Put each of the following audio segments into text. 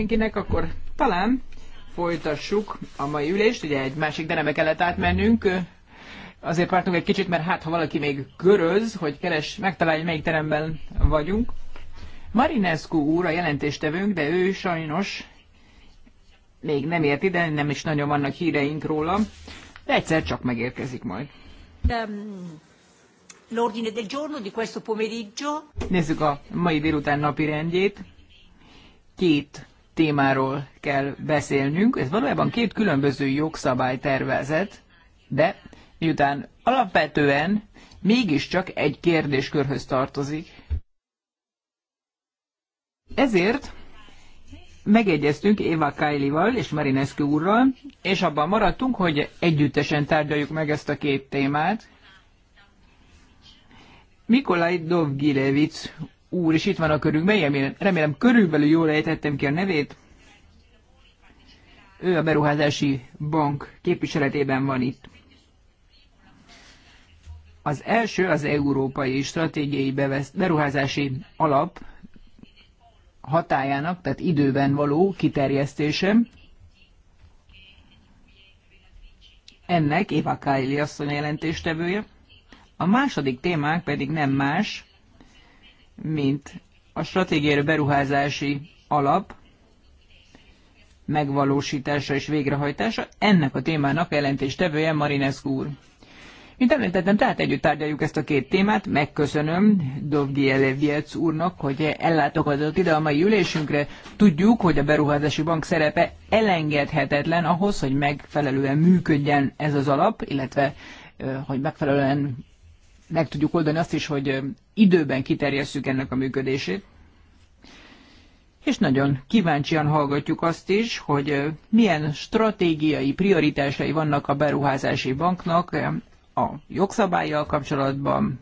mindenkinek, akkor talán folytassuk a mai ülést. Ugye egy másik deneme kellett átmennünk. Azért pártunk egy kicsit, mert hát ha valaki még göröz, hogy keres, megtalálja, melyik teremben vagyunk. Marinescu úr a jelentéstevőnk, de ő sajnos még nem ért ide, nem is nagyon vannak híreink róla, de egyszer csak megérkezik majd. Um, L'ordine del giorno di questo pomeriggio. Nézzük a mai délután napi rendjét. Két témáról kell beszélnünk. Ez valójában két különböző jogszabálytervezet, de miután alapvetően mégiscsak egy kérdéskörhöz tartozik. Ezért megegyeztünk Éva Kailival és Marinescu úrral, és abban maradtunk, hogy együttesen tárgyaljuk meg ezt a két témát. Mikolaj Dovgilevic úr és itt van a melyem remélem, remélem körülbelül jól ejtettem ki a nevét. Ő a beruházási bank képviseletében van itt. Az első az Európai Stratégiai Beruházási Alap hatájának, tehát időben való kiterjesztése. Ennek Éva Kájli asszony jelentéstevője. A második témánk pedig nem más, mint a stratégiai beruházási alap megvalósítása és végrehajtása, ennek a témának jelentéstevője Marinescu úr. Mint említettem, tehát együtt tárgyaljuk ezt a két témát. Megköszönöm Dovgiele Viec úrnak, hogy ellátogatott ide a mai ülésünkre. Tudjuk, hogy a beruházási bank szerepe elengedhetetlen ahhoz, hogy megfelelően működjen ez az alap, illetve hogy megfelelően meg tudjuk oldani azt is, hogy időben kiterjesszük ennek a működését. És nagyon kíváncsian hallgatjuk azt is, hogy milyen stratégiai prioritásai vannak a beruházási banknak a jogszabályjal kapcsolatban,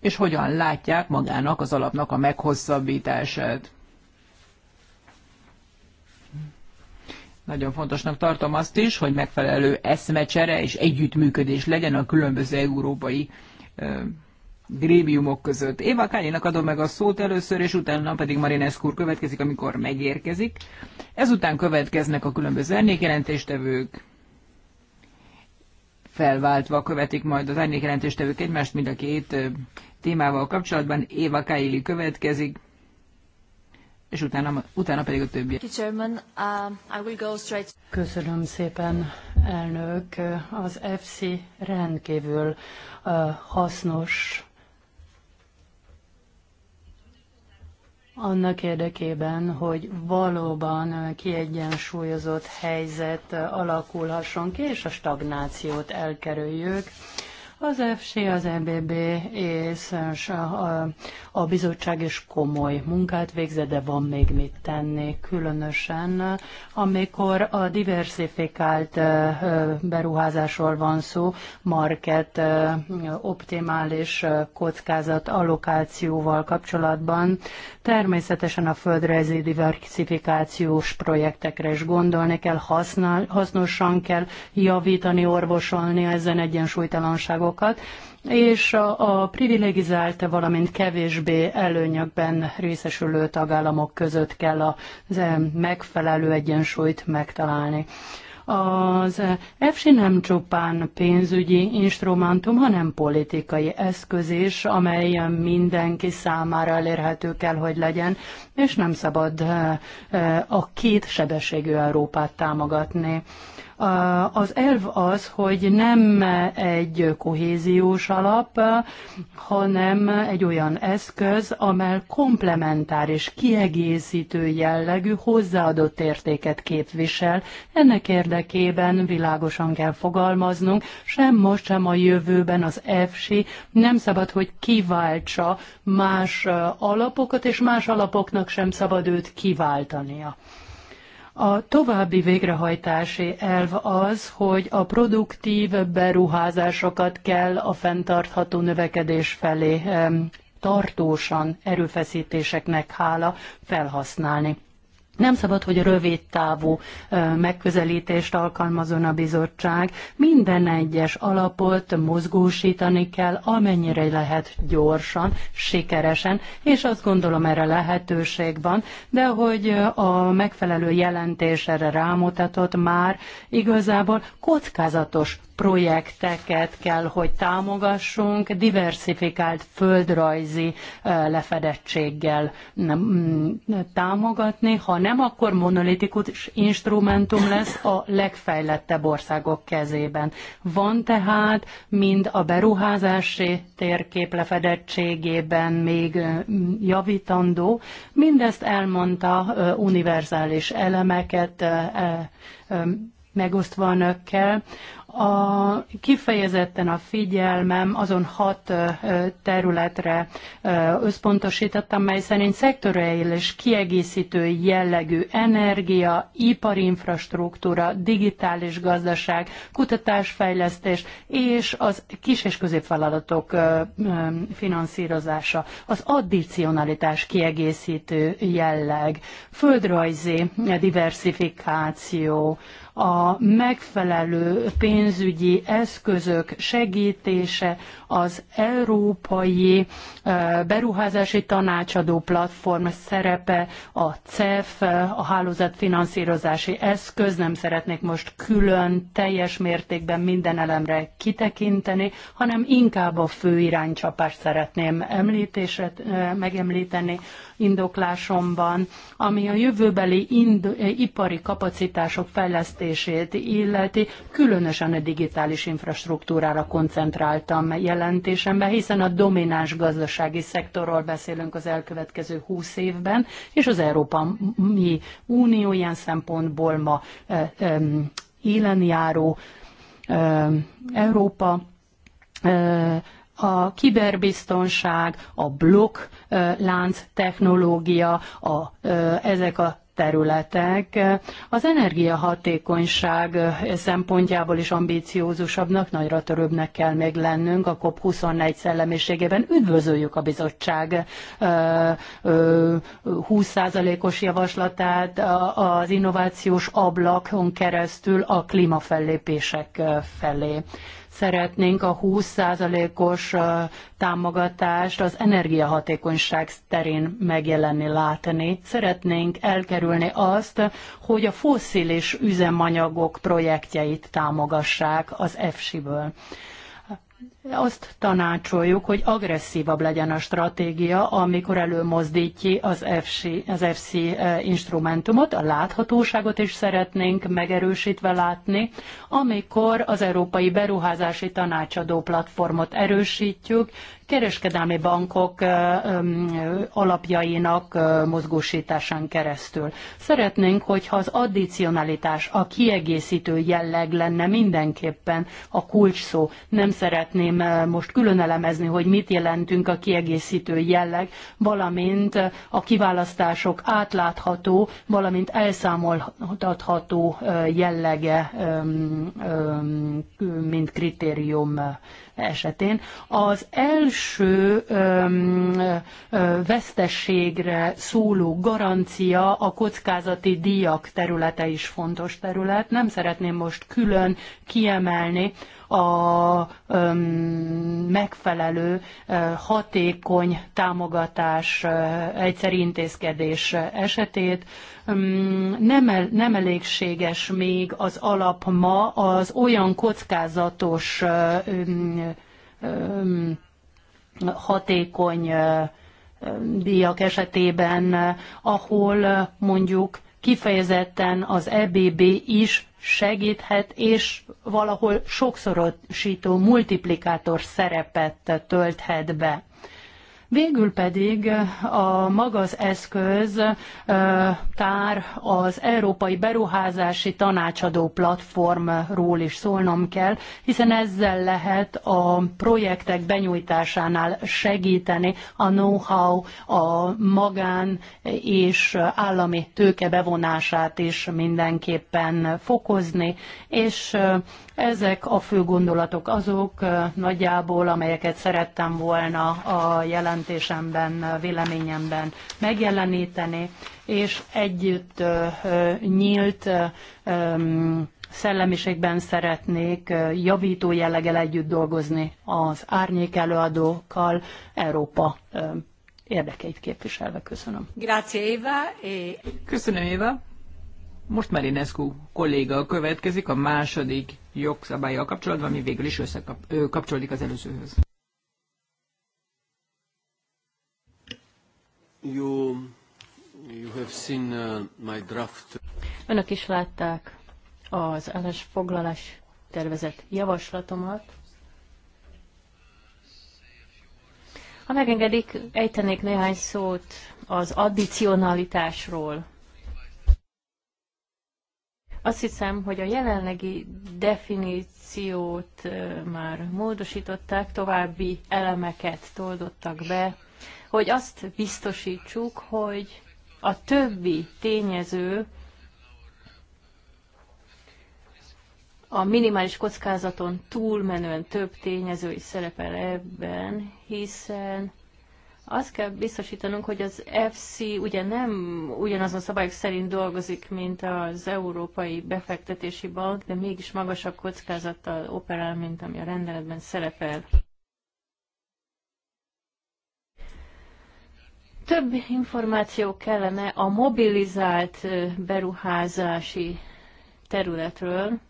és hogyan látják magának az alapnak a meghosszabbítását. Nagyon fontosnak tartom azt is, hogy megfelelő eszmecsere és együttműködés legyen a különböző európai grémiumok között. Éva Kányénak adom meg a szót először, és utána pedig Marinescu úr következik, amikor megérkezik. Ezután következnek a különböző ernékjelentéstevők, felváltva követik majd az ernékjelentéstevők egymást mind a két témával kapcsolatban. Éva Káili következik, és utána, utána pedig a többi. Um, Köszönöm szépen, elnök. Az FC rendkívül uh, hasznos annak érdekében, hogy valóban uh, kiegyensúlyozott helyzet uh, alakulhasson ki, és a stagnációt elkerüljük. Az FC, az MBB és a, a bizottság is komoly munkát végzett, de van még mit tenni, különösen amikor a diversifikált beruházásról van szó, market optimális kockázat allokációval kapcsolatban. Természetesen a földrajzi diversifikációs projektekre is gondolni kell, használ, hasznosan kell javítani, orvosolni ezen egyensúlytalanságokat, dolgokat, és a, a privilegizált, valamint kevésbé előnyökben részesülő tagállamok között kell a, az e megfelelő egyensúlyt megtalálni. Az EFSI nem csupán pénzügyi instrumentum, hanem politikai eszköz is, amely mindenki számára elérhető kell, hogy legyen, és nem szabad e, e, a két sebességű Európát támogatni. Az elv az, hogy nem egy kohéziós alap, hanem egy olyan eszköz, amely komplementáris, kiegészítő jellegű hozzáadott értéket képvisel. Ennek érdekében világosan kell fogalmaznunk, sem most, sem a jövőben az EFSI nem szabad, hogy kiváltsa más alapokat, és más alapoknak sem szabad őt kiváltania. A további végrehajtási elv az, hogy a produktív beruházásokat kell a fenntartható növekedés felé tartósan erőfeszítéseknek hála felhasználni. Nem szabad, hogy rövid távú megközelítést alkalmazon a bizottság. Minden egyes alapot mozgósítani kell, amennyire lehet gyorsan, sikeresen, és azt gondolom erre lehetőség van, de hogy a megfelelő jelentés erre rámutatott már, igazából kockázatos projekteket kell, hogy támogassunk, diversifikált földrajzi lefedettséggel mm, támogatni, ha nem, akkor monolitikus instrumentum lesz a legfejlettebb országok kezében. Van tehát mind a beruházási térkép lefedettségében még javítandó, mindezt elmondta univerzális elemeket megosztva önökkel. A, kifejezetten a figyelmem azon hat területre összpontosítottam, mely szerint szektorail és kiegészítő jellegű energia, ipari infrastruktúra, digitális gazdaság, kutatásfejlesztés és az kis- és középvállalatok finanszírozása, az addicionalitás kiegészítő jelleg, földrajzi diversifikáció, a megfelelő pénz pénzügyi eszközök segítése, az Európai eh, Beruházási Tanácsadó Platform szerepe, a CEF, a hálózatfinanszírozási eszköz, nem szeretnék most külön teljes mértékben minden elemre kitekinteni, hanem inkább a fő iránycsapást szeretném említésre eh, megemlíteni, indoklásomban, ami a jövőbeli ind- eh, ipari kapacitások fejlesztését illeti, különösen a digitális infrastruktúrára koncentráltam jelentésembe, hiszen a domináns gazdasági szektorról beszélünk az elkövetkező húsz évben, és az Európai Unió ilyen szempontból ma eh, élen járó Európa eh, a kiberbiztonság, a blokklánc technológia, a, ezek a területek az energiahatékonyság szempontjából is ambíciózusabbnak, nagyra törőbbnek kell még lennünk a COP21 szellemiségében. Üdvözöljük a bizottság 20%-os javaslatát az innovációs ablakon keresztül a klímafellépések felé szeretnénk a 20%-os támogatást az energiahatékonyság terén megjelenni, látni. Szeretnénk elkerülni azt, hogy a fosszilis üzemanyagok projektjeit támogassák az EFSI-ből azt tanácsoljuk, hogy agresszívabb legyen a stratégia, amikor előmozdítja az FC, az FC eh, instrumentumot, a láthatóságot is szeretnénk megerősítve látni, amikor az Európai Beruházási Tanácsadó platformot erősítjük, kereskedelmi bankok eh, alapjainak eh, mozgósításán keresztül. Szeretnénk, hogyha az addicionalitás, a kiegészítő jelleg lenne mindenképpen a szó. Nem szeretnénk szeretném eh, most külön elemezni, hogy mit jelentünk a kiegészítő jelleg, valamint eh, a kiválasztások átlátható, valamint elszámoltatható eh, jellege, mint kritérium esetén. Az első öm, ö, vesztességre szóló garancia a kockázati díjak területe is fontos terület. Nem szeretném most külön kiemelni a megfelelő, hatékony támogatás egyszerű intézkedés esetét. Nem, el, nem elégséges még az alap ma az olyan kockázatos hatékony díjak esetében, ahol mondjuk kifejezetten az EBB is segíthet, és valahol sokszorosító multiplikátor szerepet tölthet be Végül pedig eh, a maga az eszköz eh, tár az Európai Beruházási Tanácsadó Platformról is szólnom kell, hiszen ezzel lehet a projektek benyújtásánál segíteni a know-how, a magán és állami tőke bevonását is mindenképpen fokozni, és eh, ezek a fő gondolatok azok nagyjából, amelyeket szerettem volna a jelentésemben, véleményemben megjeleníteni, és együtt nyílt szellemiségben szeretnék javító jelleggel együtt dolgozni az árnyék előadókkal Európa érdekeit képviselve. Köszönöm. Grazie Eva, e- Köszönöm Eva. Most Marinescu kolléga következik a második jogszabályjal kapcsolatban, ami végül is összekapcsolódik az előzőhöz. You, you have seen uh, my draft. Önök is látták az állásfoglalás tervezett javaslatomat. Ha megengedik, ejtenék néhány szót az addicionalitásról, azt hiszem, hogy a jelenlegi definíciót már módosították, további elemeket toldottak be, hogy azt biztosítsuk, hogy a többi tényező a minimális kockázaton túlmenően több tényező is szerepel ebben, hiszen azt kell biztosítanunk, hogy az FC ugye nem ugyanazon szabályok szerint dolgozik, mint az Európai Befektetési Bank, de mégis magasabb kockázattal operál, mint ami a rendeletben szerepel. Több információ kellene a mobilizált beruházási területről,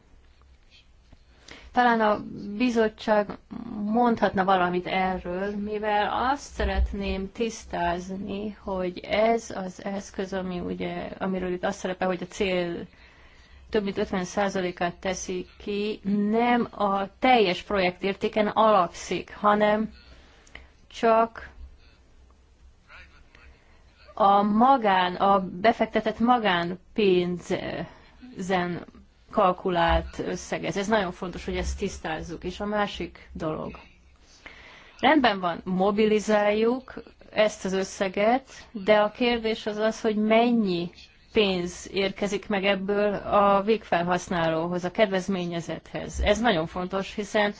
talán a bizottság mondhatna valamit erről, mivel azt szeretném tisztázni, hogy ez az eszköz, ami ugye, amiről itt azt szerepel, hogy a cél több mint 50%-át teszi ki, nem a teljes projektértéken alapszik, hanem csak a magán, a befektetett magánpénzen kalkulált összeg. Ez, ez nagyon fontos, hogy ezt tisztázzuk. És a másik dolog. Rendben van, mobilizáljuk ezt az összeget, de a kérdés az az, hogy mennyi pénz érkezik meg ebből a végfelhasználóhoz, a kedvezményezethez. Ez nagyon fontos, hiszen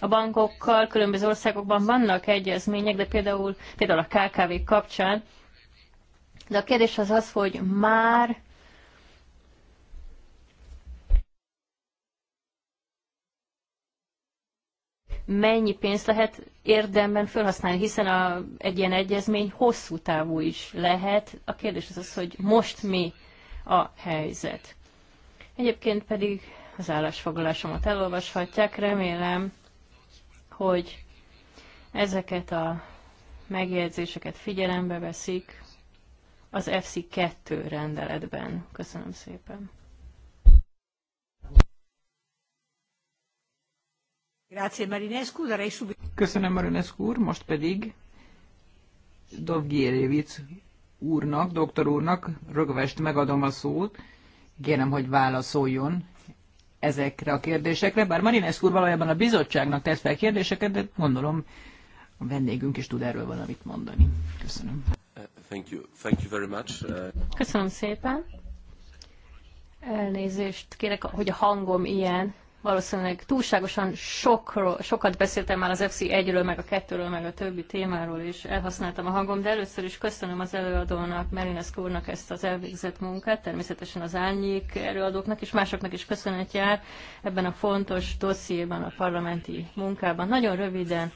a bankokkal különböző országokban vannak egyezmények, de például, például a KKV kapcsán. De a kérdés az az, hogy már mennyi pénzt lehet érdemben felhasználni, hiszen a, egy ilyen egyezmény hosszú távú is lehet. A kérdés az az, hogy most mi a helyzet. Egyébként pedig az állásfoglalásomat elolvashatják, remélem, hogy ezeket a megjegyzéseket figyelembe veszik az FC2 rendeletben. Köszönöm szépen. Köszönöm Marinescu úr, most pedig Dovgierjevic úrnak, doktor úrnak rögvest megadom a szót. Kérem, hogy válaszoljon ezekre a kérdésekre, bár Marinescu úr valójában a bizottságnak tett fel kérdéseket, de gondolom a vendégünk is tud erről valamit mondani. Köszönöm. Thank you. Thank you very much. Köszönöm szépen. Elnézést kérek, hogy a hangom ilyen, valószínűleg túlságosan sokról, sokat beszéltem már az FC1-ről, meg a 2-ről, meg a többi témáról, és elhasználtam a hangom, de először is köszönöm az előadónak, Merinesz úrnak ezt az elvégzett munkát, természetesen az árnyék előadóknak, és másoknak is köszönet jár ebben a fontos dossziéban, a parlamenti munkában. Nagyon röviden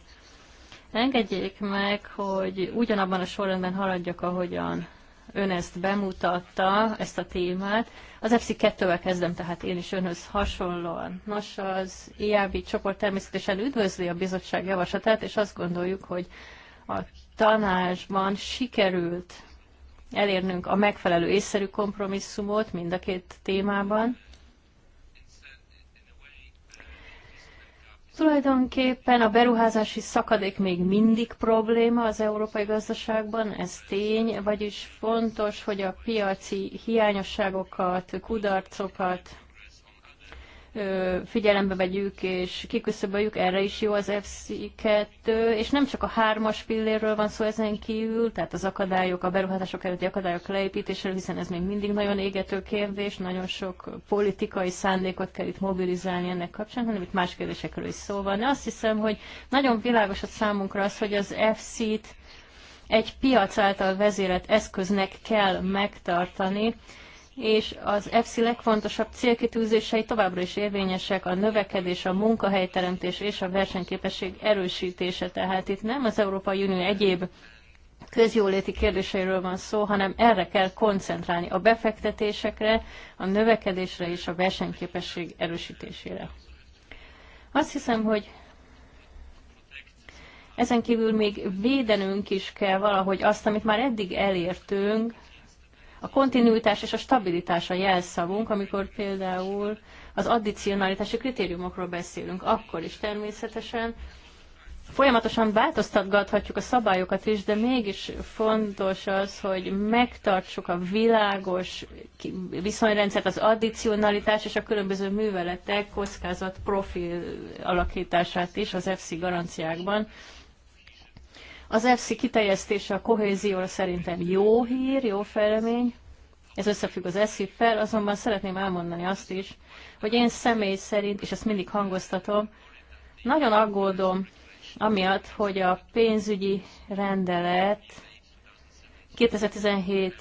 engedjék meg, hogy ugyanabban a sorrendben haladjak, ahogyan ön ezt bemutatta, ezt a témát. Az EPSZI 2-vel kezdem, tehát én is önhöz hasonlóan. Nos, az IAB csoport természetesen üdvözli a bizottság javaslatát, és azt gondoljuk, hogy a tanácsban sikerült elérnünk a megfelelő észszerű kompromisszumot mind a két témában Tulajdonképpen a beruházási szakadék még mindig probléma az európai gazdaságban, ez tény, vagyis fontos, hogy a piaci hiányosságokat, kudarcokat figyelembe vegyük és kiküszöböljük, erre is jó az FC2, és nem csak a hármas pillérről van szó ezen kívül, tehát az akadályok, a beruházások előtti akadályok leépítéséről, hiszen ez még mindig nagyon égető kérdés, nagyon sok politikai szándékot kell itt mobilizálni ennek kapcsán, hanem itt más kérdésekről is szó van. De azt hiszem, hogy nagyon világos a számunkra az, hogy az FC-t egy piac által vezérelt eszköznek kell megtartani, és az EFSZI legfontosabb célkitűzései továbbra is érvényesek, a növekedés, a munkahelyteremtés és a versenyképesség erősítése. Tehát itt nem az Európai Unió egyéb közjóléti kérdéseiről van szó, hanem erre kell koncentrálni, a befektetésekre, a növekedésre és a versenyképesség erősítésére. Azt hiszem, hogy ezen kívül még védenünk is kell valahogy azt, amit már eddig elértünk, a kontinuitás és a stabilitás a jelszavunk, amikor például az addicionalitási kritériumokról beszélünk, akkor is természetesen folyamatosan változtatgathatjuk a szabályokat is, de mégis fontos az, hogy megtartsuk a világos viszonyrendszert, az addicionalitás és a különböző műveletek kockázat profil alakítását is az FC garanciákban az EFSI kiterjesztése a kohézióra szerintem jó hír, jó fejlemény, ez összefügg az eszi fel azonban szeretném elmondani azt is, hogy én személy szerint, és ezt mindig hangoztatom, nagyon aggódom amiatt, hogy a pénzügyi rendelet 2017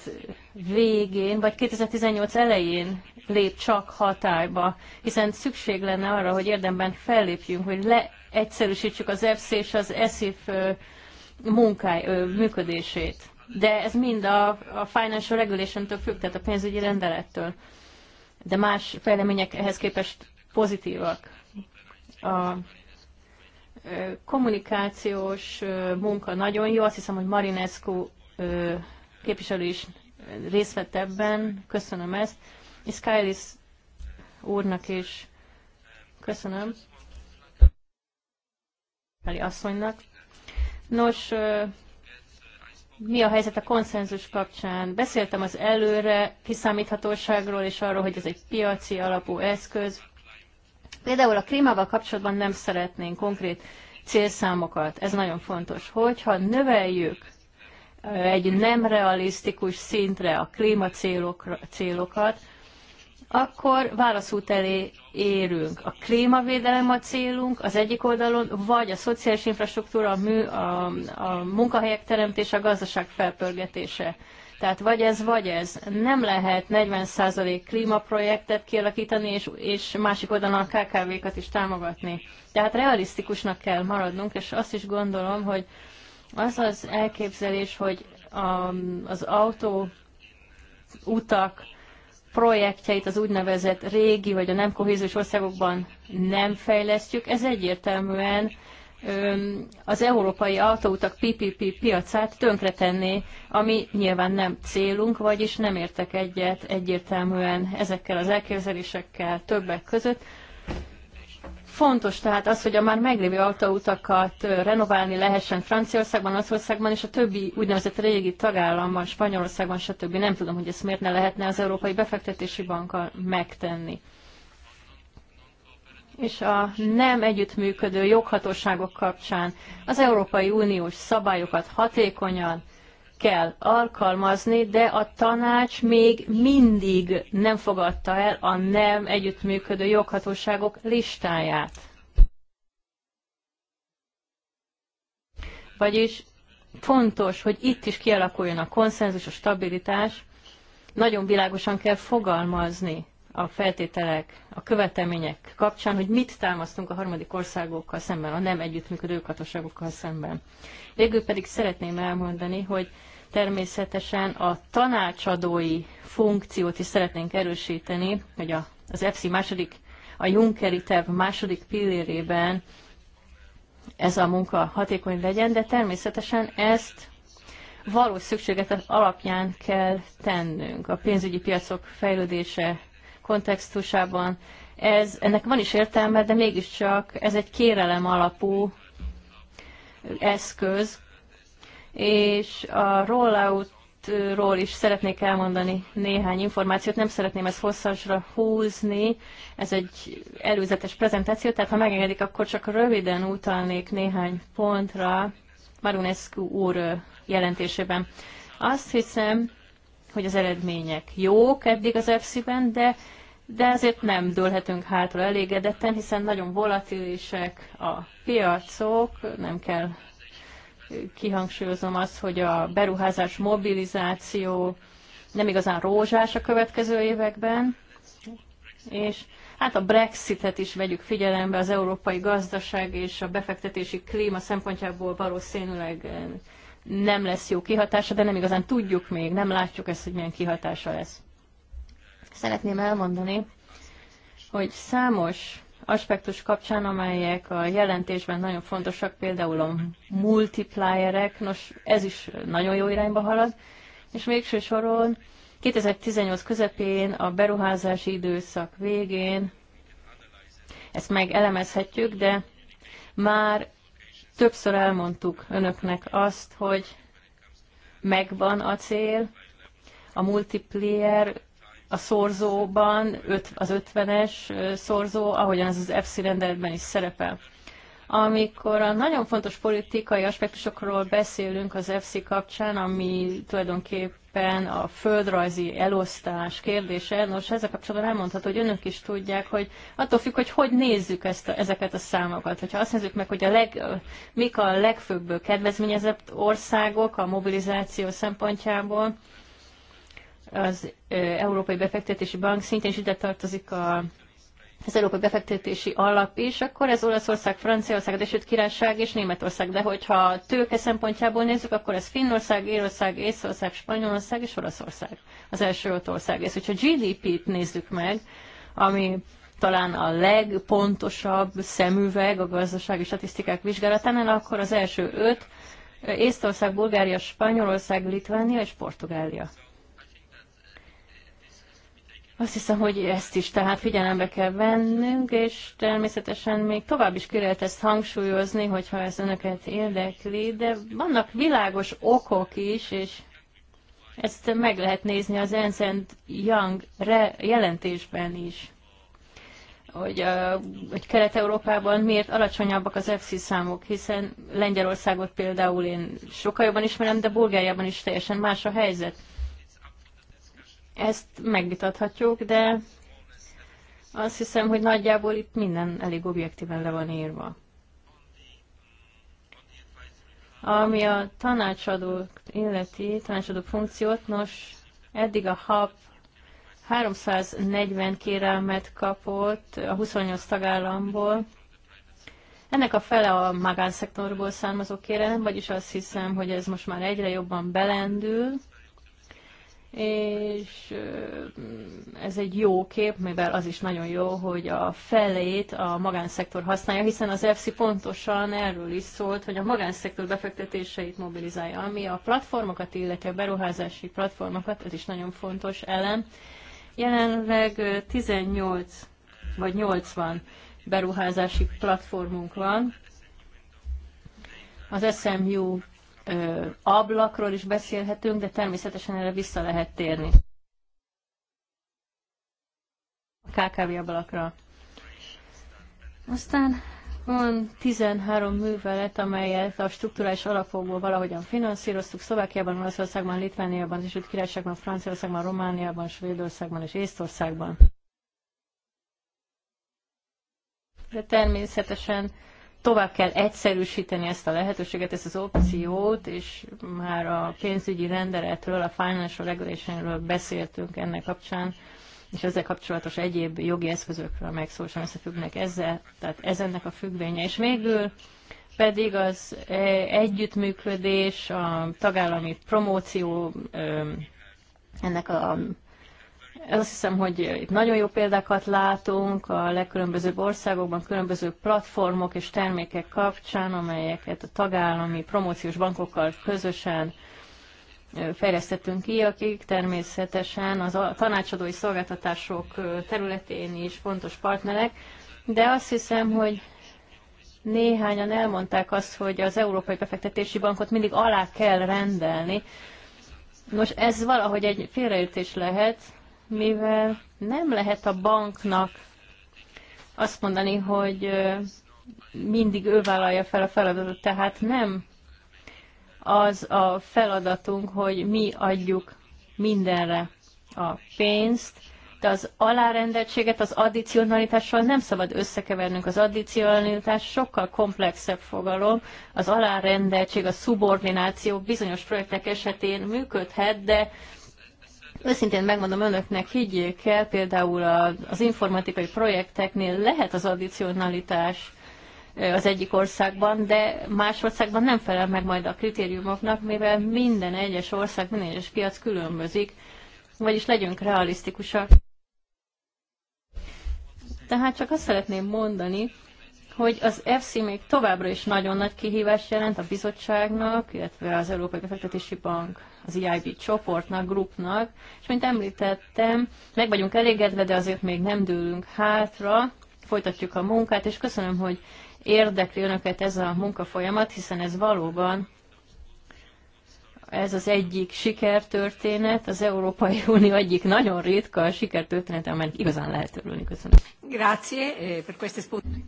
végén, vagy 2018 elején lép csak hatályba, hiszen szükség lenne arra, hogy érdemben fellépjünk, hogy leegyszerűsítsük az EFSZ és az ESZIF munkáj, ö, működését. De ez mind a, a financial regulation-től függ, tehát a pénzügyi rendelettől. De más fejlemények ehhez képest pozitívak. A kommunikációs munka nagyon jó, azt hiszem, hogy Marinescu képviselő is részt vett ebben, köszönöm ezt. És Skylis úrnak is köszönöm. Eli asszonynak. Nos, mi a helyzet a konszenzus kapcsán? Beszéltem az előre kiszámíthatóságról és arról, hogy ez egy piaci alapú eszköz. Például a klímával kapcsolatban nem szeretnénk konkrét célszámokat. Ez nagyon fontos. Hogyha növeljük egy nem realisztikus szintre a klímacélokat, akkor válaszút elé érünk. A klímavédelem a célunk az egyik oldalon, vagy a szociális infrastruktúra, a, mű, a, a munkahelyek teremtése, a gazdaság felpörgetése. Tehát vagy ez, vagy ez. Nem lehet 40% klímaprojektet kialakítani, és, és másik oldalon a KKV-kat is támogatni. Tehát realisztikusnak kell maradnunk, és azt is gondolom, hogy az az elképzelés, hogy a, az autó utak, projektjeit az úgynevezett régi vagy a nem kohéziós országokban nem fejlesztjük. Ez egyértelműen az európai autóutak PPP piacát tönkretenné, ami nyilván nem célunk, vagyis nem értek egyet egyértelműen ezekkel az elképzelésekkel többek között. Fontos tehát az, hogy a már meglévő autóutakat renoválni lehessen Franciaországban, Olaszországban és a többi úgynevezett régi tagállamban, Spanyolországban, stb. Nem tudom, hogy ezt miért ne lehetne az Európai Befektetési Bankkal megtenni. És a nem együttműködő joghatóságok kapcsán az Európai Uniós szabályokat hatékonyan, kell alkalmazni, de a tanács még mindig nem fogadta el a nem együttműködő joghatóságok listáját. Vagyis fontos, hogy itt is kialakuljon a konszenzus, a stabilitás, nagyon világosan kell fogalmazni a feltételek, a követelmények kapcsán, hogy mit támasztunk a harmadik országokkal szemben, a nem együttműködő katosságokkal szemben. Végül pedig szeretném elmondani, hogy természetesen a tanácsadói funkciót is szeretnénk erősíteni, hogy a, az FC második, a Junckeri terv második pillérében ez a munka hatékony legyen, de természetesen ezt valós szükséget alapján kell tennünk. A pénzügyi piacok fejlődése kontextusában. Ez, ennek van is értelme, de mégiscsak ez egy kérelem alapú eszköz, és a rolloutról is szeretnék elmondani néhány információt, nem szeretném ezt hosszasra húzni, ez egy előzetes prezentáció, tehát ha megengedik, akkor csak röviden utalnék néhány pontra Marunescu úr jelentésében. Azt hiszem, hogy az eredmények jók eddig az EFSI-ben, de de ezért nem dőlhetünk hátra elégedetten, hiszen nagyon volatilisek a piacok, nem kell kihangsúlyozom azt, hogy a beruházás mobilizáció nem igazán rózsás a következő években, és hát a Brexitet is vegyük figyelembe, az európai gazdaság és a befektetési klíma szempontjából valószínűleg nem lesz jó kihatása, de nem igazán tudjuk még, nem látjuk ezt, hogy milyen kihatása lesz szeretném elmondani, hogy számos aspektus kapcsán, amelyek a jelentésben nagyon fontosak, például a multiplierek, nos ez is nagyon jó irányba halad, és végső soron 2018 közepén, a beruházási időszak végén, ezt meg elemezhetjük, de már többször elmondtuk önöknek azt, hogy megvan a cél, a multiplayer a szorzóban, az 50-es szorzó, ahogyan ez az EFSI rendeletben is szerepel. Amikor a nagyon fontos politikai aspektusokról beszélünk az EFSI kapcsán, ami tulajdonképpen a földrajzi elosztás kérdése, nos, ezzel kapcsolatban elmondható, hogy önök is tudják, hogy attól függ, hogy hogy nézzük ezt a, ezeket a számokat. Hogyha azt nézzük meg, hogy a leg, mik a legfőbb kedvezményezett országok a mobilizáció szempontjából, az Európai Befektetési Bank szintén is ide tartozik a, az Európai Befektetési Alap is, akkor ez Olaszország, Franciaország, de sőt Királyság és Németország. De hogyha tőke szempontjából nézzük, akkor ez Finnország, Írország, Észország, Spanyolország és Olaszország az első öt ország. És hogyha GDP-t nézzük meg, ami talán a legpontosabb szemüveg a gazdasági statisztikák vizsgálatánál, akkor az első öt Észtország, Bulgária, Spanyolország, Litvánia és Portugália. Azt hiszem, hogy ezt is tehát figyelembe kell vennünk, és természetesen még tovább is ki lehet ezt hangsúlyozni, hogyha ez önöket érdekli, de vannak világos okok is, és ezt meg lehet nézni az Ernst Young jelentésben is, hogy, a, hogy Kelet-Európában miért alacsonyabbak az FC számok, hiszen Lengyelországot például én sokkal jobban ismerem, de Bulgáriában is teljesen más a helyzet ezt megvitathatjuk, de azt hiszem, hogy nagyjából itt minden elég objektíven le van írva. Ami a tanácsadók illeti, tanácsadó funkciót, nos, eddig a HAP 340 kérelmet kapott a 28 tagállamból. Ennek a fele a magánszektorból származó kérelem, vagyis azt hiszem, hogy ez most már egyre jobban belendül, és ez egy jó kép, mivel az is nagyon jó, hogy a felét a magánszektor használja, hiszen az EFSI pontosan erről is szólt, hogy a magánszektor befektetéseit mobilizálja, ami a platformokat, illetve a beruházási platformokat, ez is nagyon fontos elem. Jelenleg 18 vagy 80 beruházási platformunk van, az SMU ö, ablakról is beszélhetünk, de természetesen erre vissza lehet térni. A KKV ablakra. Aztán van 13 művelet, amelyet a strukturális alapokból valahogyan finanszíroztuk. Szlovákiában, Olaszországban, Litvániában, úgy Királyságban, Franciaországban, Romániában, Svédországban és Észtországban. De természetesen tovább kell egyszerűsíteni ezt a lehetőséget, ezt az opciót, és már a pénzügyi rendeletről, a financial regulationről beszéltünk ennek kapcsán, és ezzel kapcsolatos egyéb jogi eszközökről meg megszólásan összefüggnek ezzel, tehát ez ennek a függvénye. És végül pedig az e, együttműködés, a tagállami promóció, ennek a azt hiszem, hogy itt nagyon jó példákat látunk a legkülönbözőbb országokban, különböző platformok és termékek kapcsán, amelyeket a tagállami promóciós bankokkal közösen fejlesztettünk ki, akik természetesen az a tanácsadói szolgáltatások területén is fontos partnerek, de azt hiszem, hogy néhányan elmondták azt, hogy az Európai Befektetési Bankot mindig alá kell rendelni. Nos, ez valahogy egy félreértés lehet, mivel nem lehet a banknak azt mondani, hogy mindig ő vállalja fel a feladatot, tehát nem az a feladatunk, hogy mi adjuk mindenre a pénzt, de az alárendeltséget az addicionalitással nem szabad összekevernünk. Az addicionalitás sokkal komplexebb fogalom. Az alárendeltség, a szubordináció bizonyos projektek esetén működhet, de Őszintén megmondom önöknek, higgyék el, például az informatikai projekteknél lehet az addicionalitás az egyik országban, de más országban nem felel meg majd a kritériumoknak, mivel minden egyes ország, minden egyes piac különbözik, vagyis legyünk realisztikusak. Tehát csak azt szeretném mondani, hogy az FC még továbbra is nagyon nagy kihívás jelent a bizottságnak, illetve az Európai Befektetési Bank, az EIB csoportnak, grupnak, és mint említettem, meg vagyunk elégedve, de azért még nem dőlünk hátra, folytatjuk a munkát, és köszönöm, hogy érdekli önöket ez a munkafolyamat, hiszen ez valóban ez az egyik sikertörténet, az Európai Unió egyik nagyon ritka sikertörténete, amelyet igazán lehet örülni. Köszönöm. Grazie eh, per queste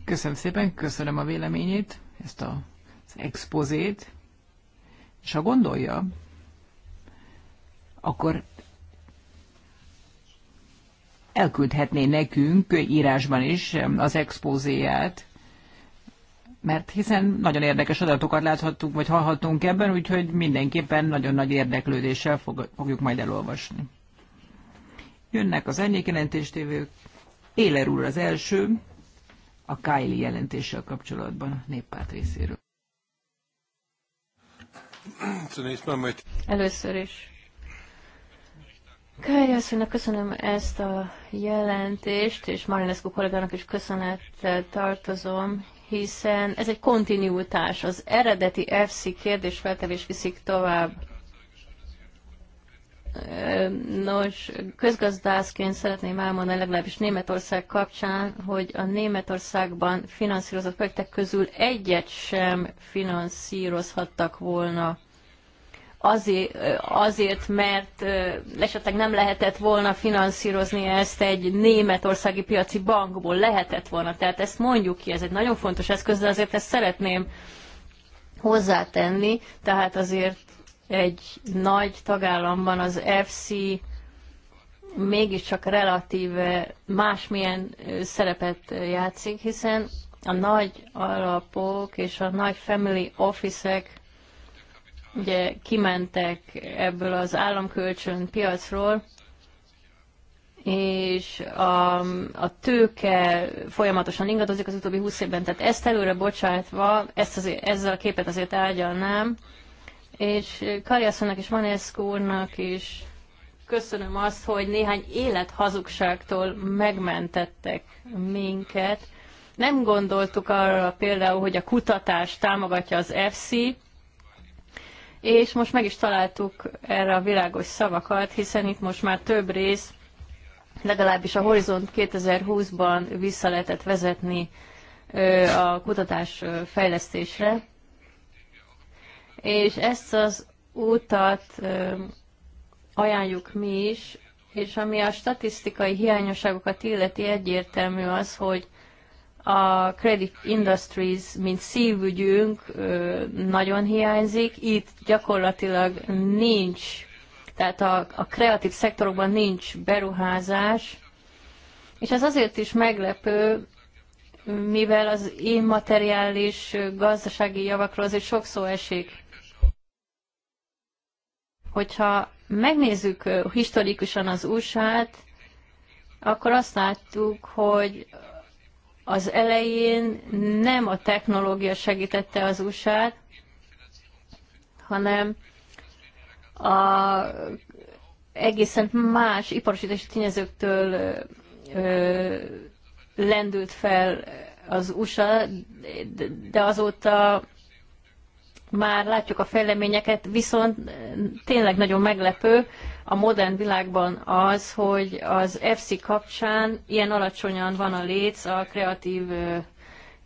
Köszönöm szépen, köszönöm a véleményét, ezt a, az expozét. És ha gondolja, akkor elküldhetné nekünk írásban is az expozéját, mert hiszen nagyon érdekes adatokat láthattunk, vagy hallhattunk ebben, úgyhogy mindenképpen nagyon nagy érdeklődéssel fogjuk majd elolvasni. Jönnek az árnyékjelentéstévők. Éler úr az első, a Kylie jelentéssel kapcsolatban a néppárt részéről. Először is Kári asszonynak köszönöm ezt a jelentést, és Marinescu kollégának is köszönettel tartozom, hiszen ez egy kontinuitás, az eredeti FC kérdésfeltevés viszik tovább. Nos, közgazdászként szeretném elmondani legalábbis Németország kapcsán, hogy a Németországban finanszírozott projektek közül egyet sem finanszírozhattak volna azért, azért, mert esetleg nem lehetett volna finanszírozni ezt egy németországi piaci bankból, lehetett volna. Tehát ezt mondjuk ki, ez egy nagyon fontos eszköz, de azért ezt szeretném hozzátenni. Tehát azért egy nagy tagállamban az FC mégiscsak relatíve másmilyen szerepet játszik, hiszen a nagy alapok és a nagy family office-ek ugye kimentek ebből az államkölcsön piacról, és a, a tőke folyamatosan ingadozik az utóbbi 20 évben, tehát ezt előre bocsátva, ezt azért, ezzel a képet azért ágyalnám, és Karjasszonnak és Maneszkó úrnak is köszönöm azt, hogy néhány élet hazugságtól megmentettek minket. Nem gondoltuk arra például, hogy a kutatást támogatja az EFSI, és most meg is találtuk erre a világos szavakat, hiszen itt most már több rész, legalábbis a Horizont 2020-ban vissza lehetett vezetni a kutatás fejlesztésre, és ezt az útat ajánljuk mi is, és ami a statisztikai hiányosságokat illeti, egyértelmű az, hogy a Credit Industries, mint szívügyünk nagyon hiányzik. Itt gyakorlatilag nincs, tehát a, a kreatív szektorokban nincs beruházás, és ez azért is meglepő, mivel az immateriális gazdasági javakról azért sok szó esik. Hogyha megnézzük historikusan az USA-t, akkor azt láttuk, hogy az elején nem a technológia segítette az usa hanem a egészen más iparosítási tényezőktől ö, lendült fel az USA, de azóta már látjuk a fejleményeket, viszont eh, tényleg nagyon meglepő a modern világban az, hogy az FC kapcsán ilyen alacsonyan van a léc a kreatív ö, eh,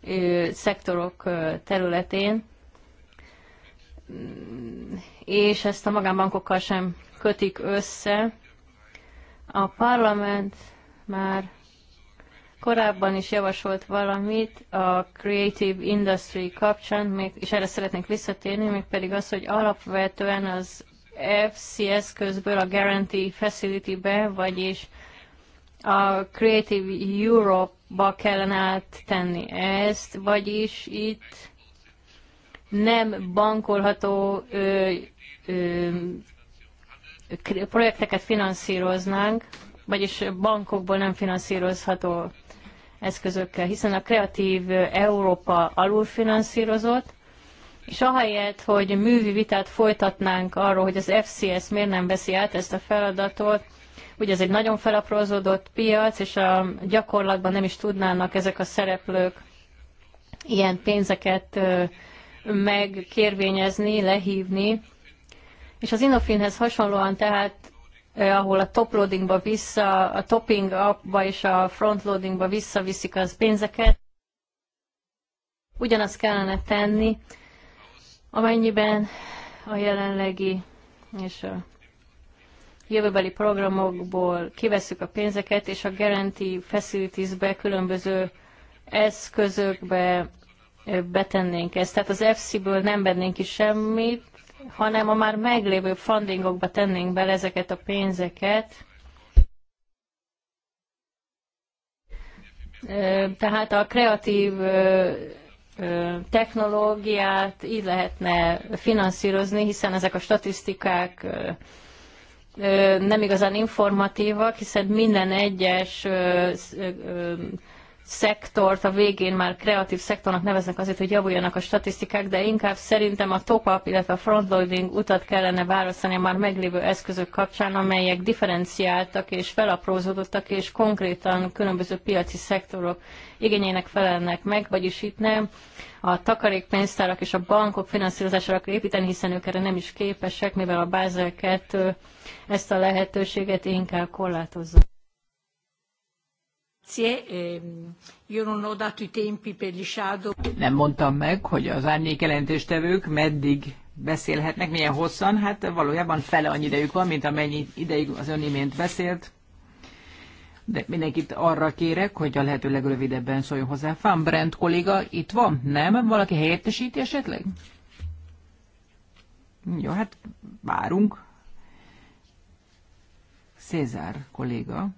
ö, eh, szektorok ö, területén, mm, és ezt a magánbankokkal sem kötik össze. A parlament már korábban is javasolt valamit a Creative Industry kapcsán, még, és erre szeretnék visszatérni, még pedig az, hogy alapvetően az FC eszközből a Guarantee Facility-be, vagyis a Creative Europe-ba kellene áttenni ezt, vagyis itt nem bankolható ö, ö, projekteket finanszíroznánk, vagyis bankokból nem finanszírozható eszközökkel, hiszen a kreatív Európa alulfinanszírozott, és ahelyett, hogy művi vitát folytatnánk arról, hogy az FCS miért nem veszi át ezt a feladatot, ugye ez egy nagyon felaprózódott piac, és a gyakorlatban nem is tudnának ezek a szereplők ilyen pénzeket megkérvényezni, lehívni. És az Innofinhez hasonlóan tehát Eh, ahol a toploadingba vissza, a topping upba és a frontloadingba visszaviszik az pénzeket. Ugyanazt kellene tenni, amennyiben a jelenlegi és a jövőbeli programokból kiveszük a pénzeket, és a Guarantee Facilities-be különböző eszközökbe eh, betennénk ezt. Tehát az FC-ből nem vennénk ki semmit, hanem a már meglévő fundingokba tennénk bele ezeket a pénzeket, Tehát a kreatív technológiát így lehetne finanszírozni, hiszen ezek a statisztikák nem igazán informatívak, hiszen minden egyes szektort a végén már kreatív szektornak neveznek azért, hogy javuljanak a statisztikák, de inkább szerintem a top-up, illetve a frontloading utat kellene választani a már meglévő eszközök kapcsán, amelyek differenciáltak és felaprózódottak, és konkrétan különböző piaci szektorok igényének felelnek meg, vagyis itt nem a takarékpénztárak és a bankok finanszírozására kell építeni, hiszen ők erre nem is képesek, mivel a Basel 2 ezt a lehetőséget inkább korlátozza. Ehm, Nem mondtam meg, hogy az árnyék jelentéstevők meddig beszélhetnek, milyen hosszan, hát valójában fele annyi idejük van, mint amennyi ideig az ön imént beszélt. De mindenkit arra kérek, hogy a lehető legrövidebben szóljon hozzá. Fan Brent kolléga itt van? Nem? Valaki helyettesíti esetleg? Jó, hát várunk. Cézár kolléga.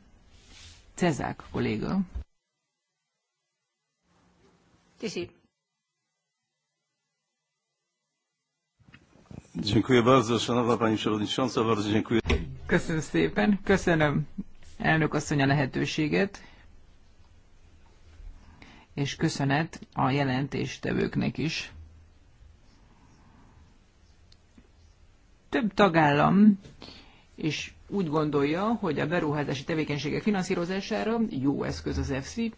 Cezák kolléga. Tiszi. Dziękuję bardzo, szanowna pani przewodnicząca, bardzo dziękuję. Köszönöm szépen, köszönöm elnök asszony a lehetőséget, és köszönet a jelentéstevőknek is. Több tagállam és úgy gondolja, hogy a beruházási tevékenységek finanszírozására jó eszköz az EFSI,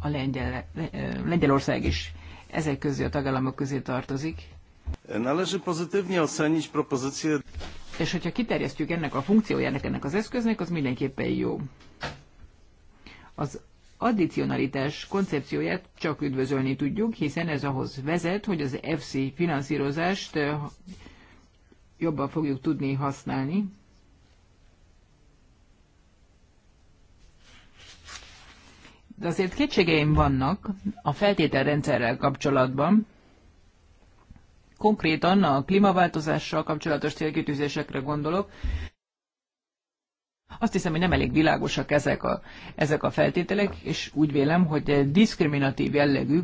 a Lengyel, Lengyelország is ezek közé a tagállamok közé tartozik. Należy pozytywnie ocenić propozycję. És hogyha kiterjesztjük ennek a funkciójának, ennek az eszköznek, az mindenképpen jó. Az addicionalitás koncepcióját csak üdvözölni tudjuk, hiszen ez ahhoz vezet, hogy az FC finanszírozást eh, jobban fogjuk tudni használni. de azért kétségeim vannak a feltételrendszerrel kapcsolatban, konkrétan a klímaváltozással kapcsolatos célkitűzésekre gondolok. Azt hiszem, hogy nem elég világosak ezek a, ezek a feltételek, és úgy vélem, hogy diszkriminatív jellegű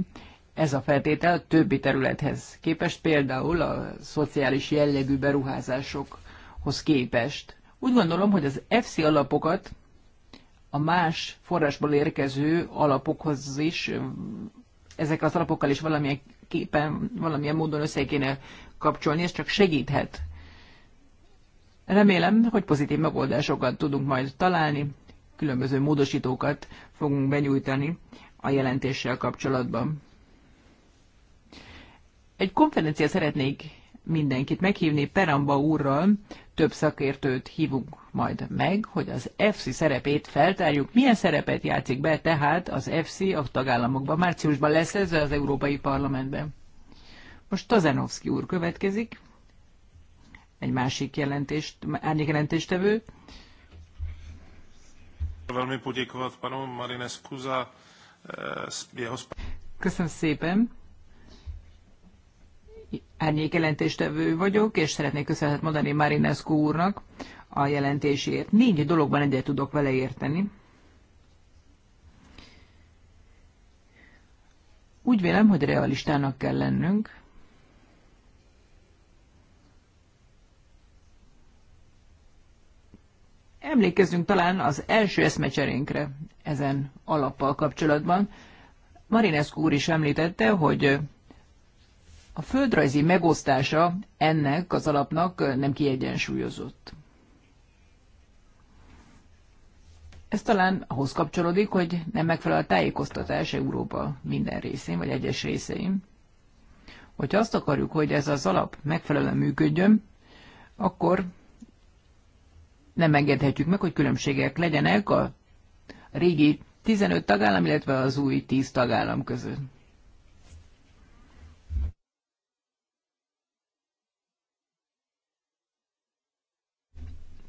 ez a feltétel többi területhez képest, például a szociális jellegű beruházásokhoz képest. Úgy gondolom, hogy az EFSI alapokat a más forrásból érkező alapokhoz is, ezek az alapokkal is valamilyen képen, valamilyen módon össze kéne kapcsolni, ez csak segíthet. Remélem, hogy pozitív megoldásokat tudunk majd találni, különböző módosítókat fogunk benyújtani a jelentéssel kapcsolatban. Egy konferencia szeretnék mindenkit meghívni Peramba úrral, több szakértőt hívunk majd meg, hogy az FC szerepét feltárjuk. Milyen szerepet játszik be tehát az FC a tagállamokban? Márciusban lesz ez az Európai Parlamentben. Most Tazanovszki úr következik, egy másik jelentést, árnyék jelentéstevő. Eh, Köszönöm szépen árnyék jelentéstevő vagyok, és szeretnék köszönetet mondani Marinescu úrnak a jelentésért. Négy dologban egyet tudok vele érteni. Úgy vélem, hogy realistának kell lennünk. Emlékezzünk talán az első eszmecserénkre ezen alappal kapcsolatban. Marinescu úr is említette, hogy a földrajzi megosztása ennek az alapnak nem kiegyensúlyozott. Ez talán ahhoz kapcsolódik, hogy nem megfelel a tájékoztatás Európa minden részén, vagy egyes részein. Hogyha azt akarjuk, hogy ez az alap megfelelően működjön, akkor nem engedhetjük meg, hogy különbségek legyenek a régi 15 tagállam, illetve az új 10 tagállam között.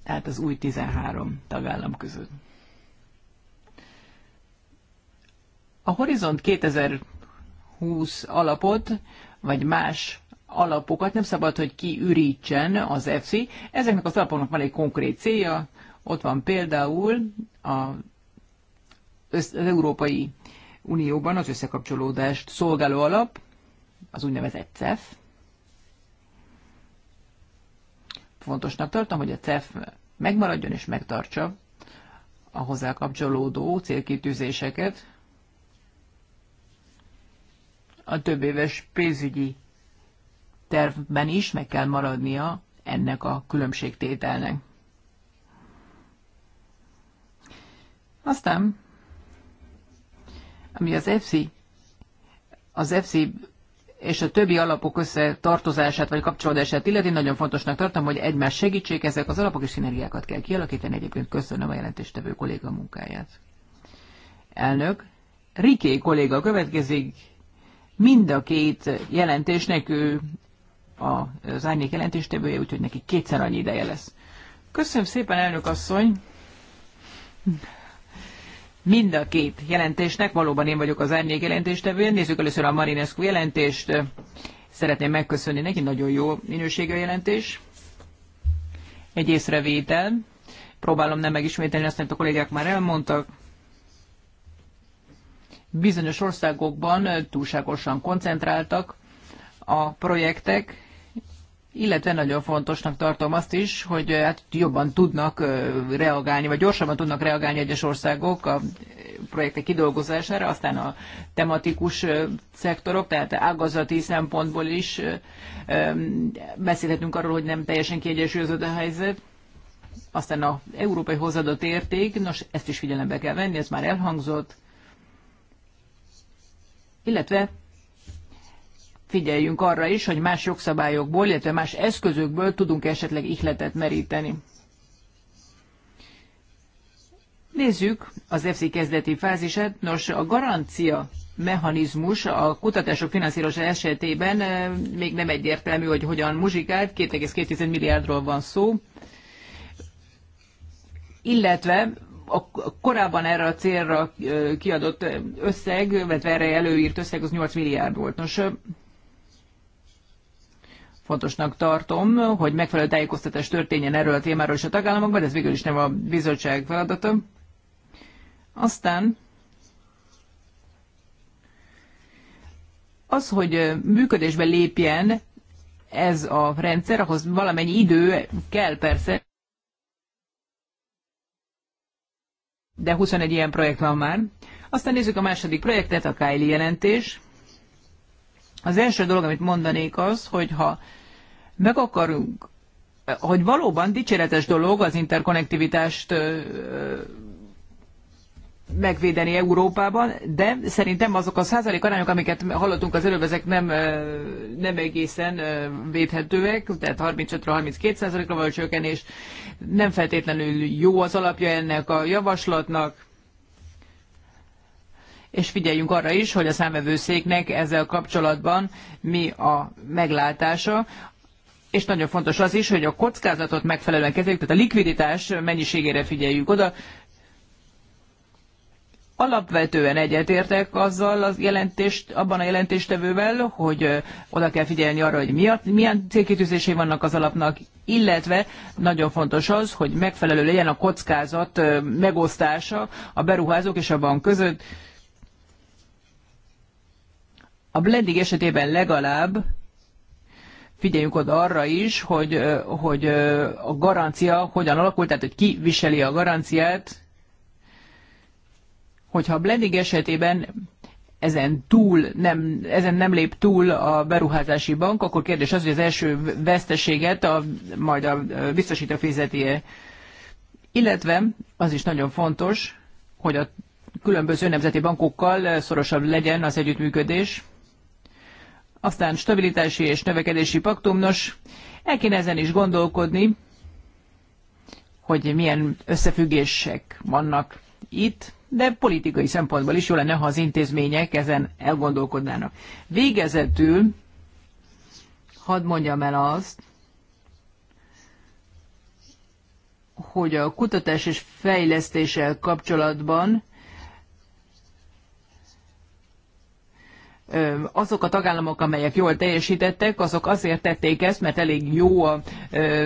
tehát az új 13 tagállam között. A Horizont 2020 alapot, vagy más alapokat nem szabad, hogy kiürítsen az EFSI. Ezeknek az alapoknak van egy konkrét célja, ott van például a, az Európai Unióban az összekapcsolódást szolgáló alap, az úgynevezett CEF, fontosnak tartom, hogy a CEF megmaradjon és megtartsa a hozzá kapcsolódó célkitűzéseket. A több éves pénzügyi tervben is meg kell maradnia ennek a különbségtételnek. Aztán, ami az EFSI, az EFSI és a többi alapok összetartozását vagy kapcsolódását illeti, nagyon fontosnak tartom, hogy egymás segítsék, ezek az alapok és szinergiákat kell kialakítani. Egyébként köszönöm a jelentéstevő kolléga munkáját. Elnök, Riké kolléga következik. Mind a két jelentésnek ő az árnyék jelentéstevője, úgyhogy neki kétszer annyi ideje lesz. Köszönöm szépen, elnök asszony! mind a két jelentésnek. Valóban én vagyok az árnyék jelentéstevője. Nézzük először a Marinescu jelentést. Szeretném megköszönni neki, nagyon jó minőségű jelentés. Egy észrevétel. Próbálom nem megismételni azt, amit a kollégák már elmondtak. Bizonyos országokban túlságosan koncentráltak a projektek, illetve nagyon fontosnak tartom azt is, hogy hát jobban tudnak reagálni, vagy gyorsabban tudnak reagálni egyes országok a projektek kidolgozására, aztán a tematikus szektorok, tehát ágazati szempontból is beszélhetünk arról, hogy nem teljesen kiegyensúlyozott a helyzet. Aztán a az európai hozadott érték, nos, ezt is figyelembe kell venni, ez már elhangzott. Illetve figyeljünk arra is, hogy más jogszabályokból, illetve más eszközökből tudunk esetleg ihletet meríteni. Nézzük az FC kezdeti fázisát. Nos, a garancia mechanizmus a kutatások finanszírozása esetében eh, még nem egyértelmű, hogy hogyan muzsikált, 2,2 milliárdról van szó, illetve a korábban erre a célra eh, kiadott eh, összeg, vagy erre előírt összeg az 8 milliárd volt. Nos, fontosnak tartom, hogy megfelelő tájékoztatás történjen erről a témáról is a tagállamokban, de ez végül is nem a bizottság feladata. Aztán az, hogy működésbe lépjen ez a rendszer, ahhoz valamennyi idő kell persze, de 21 ilyen projekt van már. Aztán nézzük a második projektet, a Kylie jelentés. Az első dolog, amit mondanék az, hogy ha meg akarunk, hogy valóban dicséretes dolog az interkonnektivitást megvédeni Európában, de szerintem azok a százalék arányok, amiket hallottunk az előbb, ezek nem, nem egészen védhetőek, tehát 35-32 százalékra való csökkenés. Nem feltétlenül jó az alapja ennek a javaslatnak és figyeljünk arra is, hogy a számvevőszéknek ezzel kapcsolatban mi a meglátása. És nagyon fontos az is, hogy a kockázatot megfelelően kezeljük, tehát a likviditás mennyiségére figyeljünk oda. Alapvetően egyetértek azzal az jelentést, abban a jelentéstevővel, hogy oda kell figyelni arra, hogy mi a, milyen célkitűzései vannak az alapnak, illetve nagyon fontos az, hogy megfelelő legyen a kockázat megosztása a beruházók és a bank között a blending esetében legalább figyeljünk oda arra is, hogy, hogy a garancia hogyan alakul, tehát hogy ki viseli a garanciát, hogyha a blending esetében ezen túl nem, ezen nem lép túl a beruházási bank, akkor kérdés az, hogy az első veszteséget a, majd a biztosító fizeti -e. Illetve az is nagyon fontos, hogy a különböző nemzeti bankokkal szorosabb legyen az együttműködés, aztán stabilitási és növekedési paktum. Nos, el kéne ezen is gondolkodni, hogy milyen összefüggések vannak itt, de politikai szempontból is jó lenne, ha az intézmények ezen elgondolkodnának. Végezetül hadd mondjam el azt, hogy a kutatás és fejlesztéssel kapcsolatban azok a tagállamok, amelyek jól teljesítettek, azok azért tették ezt, mert elég jó a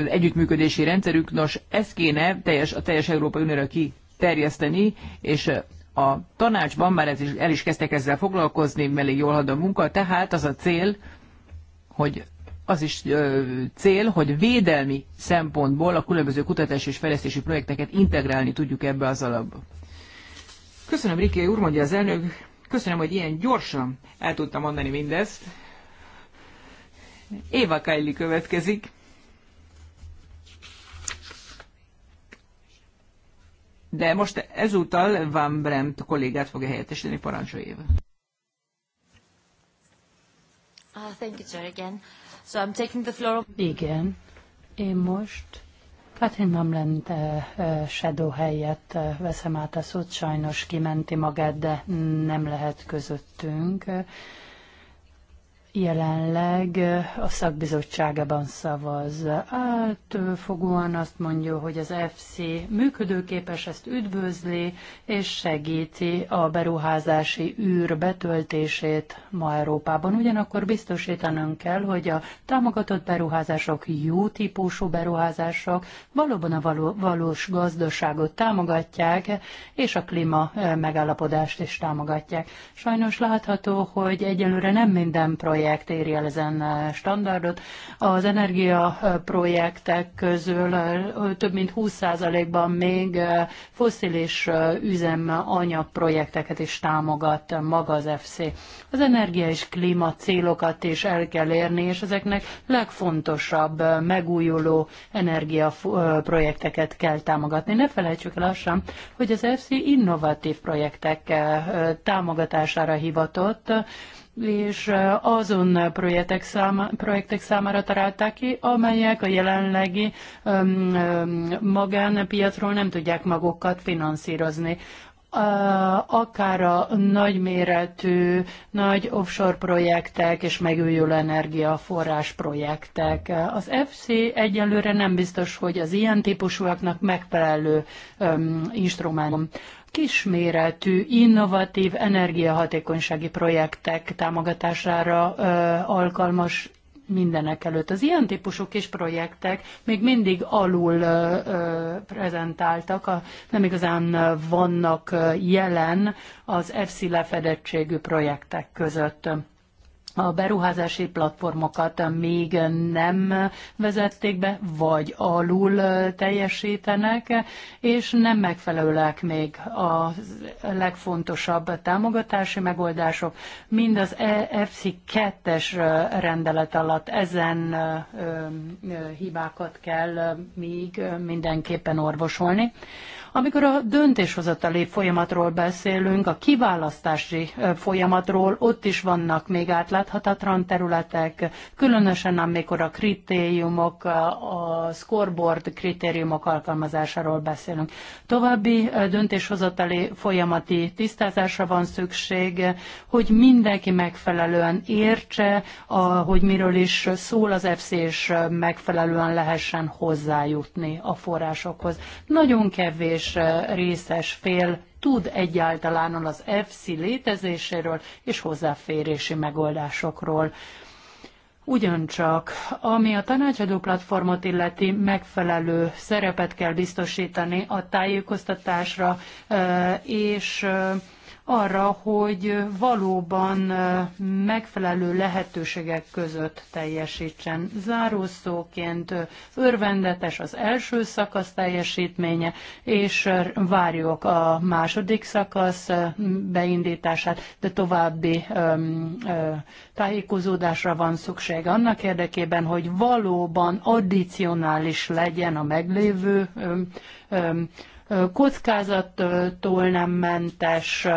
együttműködési rendszerük. Nos, ezt kéne teljes, a teljes Európai Unióra kiterjeszteni, és a tanácsban már ez is, el is kezdtek ezzel foglalkozni, elég jól hadd a munka, tehát az a cél, hogy az is ö, cél, hogy védelmi szempontból a különböző kutatási és fejlesztési projekteket integrálni tudjuk ebbe az alapba. Köszönöm, Riké úr, mondja az elnök. Köszönöm, hogy ilyen gyorsan el tudtam mondani mindezt. Éva Kajli következik. De most ezúttal Van Bremt kollégát fogja helyettesíteni, parancsolj Éva. Uh, thank you, sir, again. So I'm taking the floor. Igen. Én most Katrin lent eh, eh, Shadow helyett eh, veszem át a szót, sajnos kimenti magát, de nem lehet közöttünk jelenleg eh, a szakbizottságában szavaz. Átfogóan azt mondja, hogy az FC működőképes, ezt üdvözli, és segíti a beruházási űr betöltését ma Európában. Ugyanakkor biztosítanunk kell, hogy a támogatott beruházások jó típusú beruházások valóban a való, valós gazdaságot támogatják, és a klíma eh, megállapodást is támogatják. Sajnos látható, hogy egyelőre nem minden projekt projekt éri el ezen standardot. Az energiaprojektek közül több mint 20%-ban még foszilis projekteket is támogat maga az FC. Az energia és klíma célokat is el kell érni, és ezeknek legfontosabb megújuló energiaprojekteket kell támogatni. Ne felejtsük el azt sem, hogy az FC innovatív projektek támogatására hivatott, és azon projektek, száma, projektek számára találták ki, amelyek a jelenlegi um, magánpiacról nem tudják magukat finanszírozni akár a nagyméretű, nagy offshore projektek és megújuló energiaforrás projektek. Az FC egyelőre nem biztos, hogy az ilyen típusúaknak megfelelő um, instrumentum kisméretű, innovatív energiahatékonysági projektek támogatására ö, alkalmas mindenek előtt. Az ilyen típusú kis projektek még mindig alul ö, ö, prezentáltak, a, nem igazán vannak jelen az EFSI lefedettségű projektek között a beruházási platformokat még nem vezették be, vagy alul teljesítenek, és nem megfelelőek még a legfontosabb támogatási megoldások, mind az EFC 2-es rendelet alatt ezen hibákat kell még mindenképpen orvosolni. Amikor a döntéshozatali folyamatról beszélünk, a kiválasztási folyamatról, ott is vannak még átláthatatlan területek, különösen amikor a kritériumok, a scoreboard kritériumok alkalmazásáról beszélünk. További döntéshozatali folyamati tisztázásra van szükség, hogy mindenki megfelelően értse, hogy miről is szól az FC, és megfelelően lehessen hozzájutni a forrásokhoz. Nagyon kevés és részes fél tud egyáltalán az EFSI létezéséről és hozzáférési megoldásokról. Ugyancsak, ami a tanácsadó platformot illeti, megfelelő szerepet kell biztosítani a tájékoztatásra és arra, hogy valóban megfelelő lehetőségek között teljesítsen. Zárószóként örvendetes az első szakasz teljesítménye, és várjuk a második szakasz beindítását, de további tájékozódásra van szükség annak érdekében, hogy valóban addicionális legyen a meglévő kockázattól nem mentes,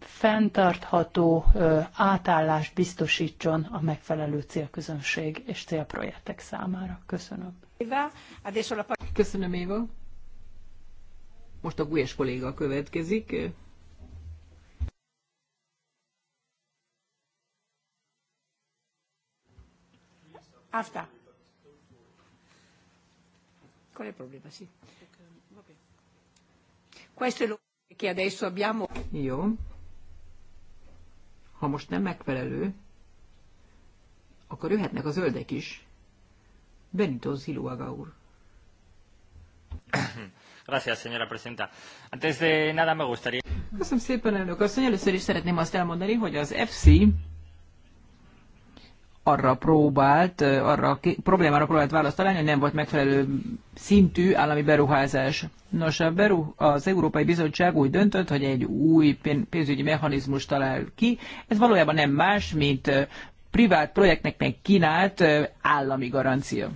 fenntartható átállást biztosítson a megfelelő célközönség és célprojektek számára. Köszönöm. Köszönöm, Éva. Most a Gulyás kolléga következik. After qual è il problema, sì. Questo è lo che adesso abbiamo. Io. Ha most nem megfelelő, akkor jöhetnek a zöldek is. Benito Ziluaga úr. Gracias, señora presidenta. Antes de nada me gustaría... Köszönöm szépen, elnök asszony. Először is szeretném azt elmondani, hogy az FC arra próbált, arra a problémára próbált választ találni, hogy nem volt megfelelő szintű állami beruházás. Nos, a beru, az Európai Bizottság úgy döntött, hogy egy új pénzügyi mechanizmus talál ki. Ez valójában nem más, mint privát projektnek kínált állami garancia.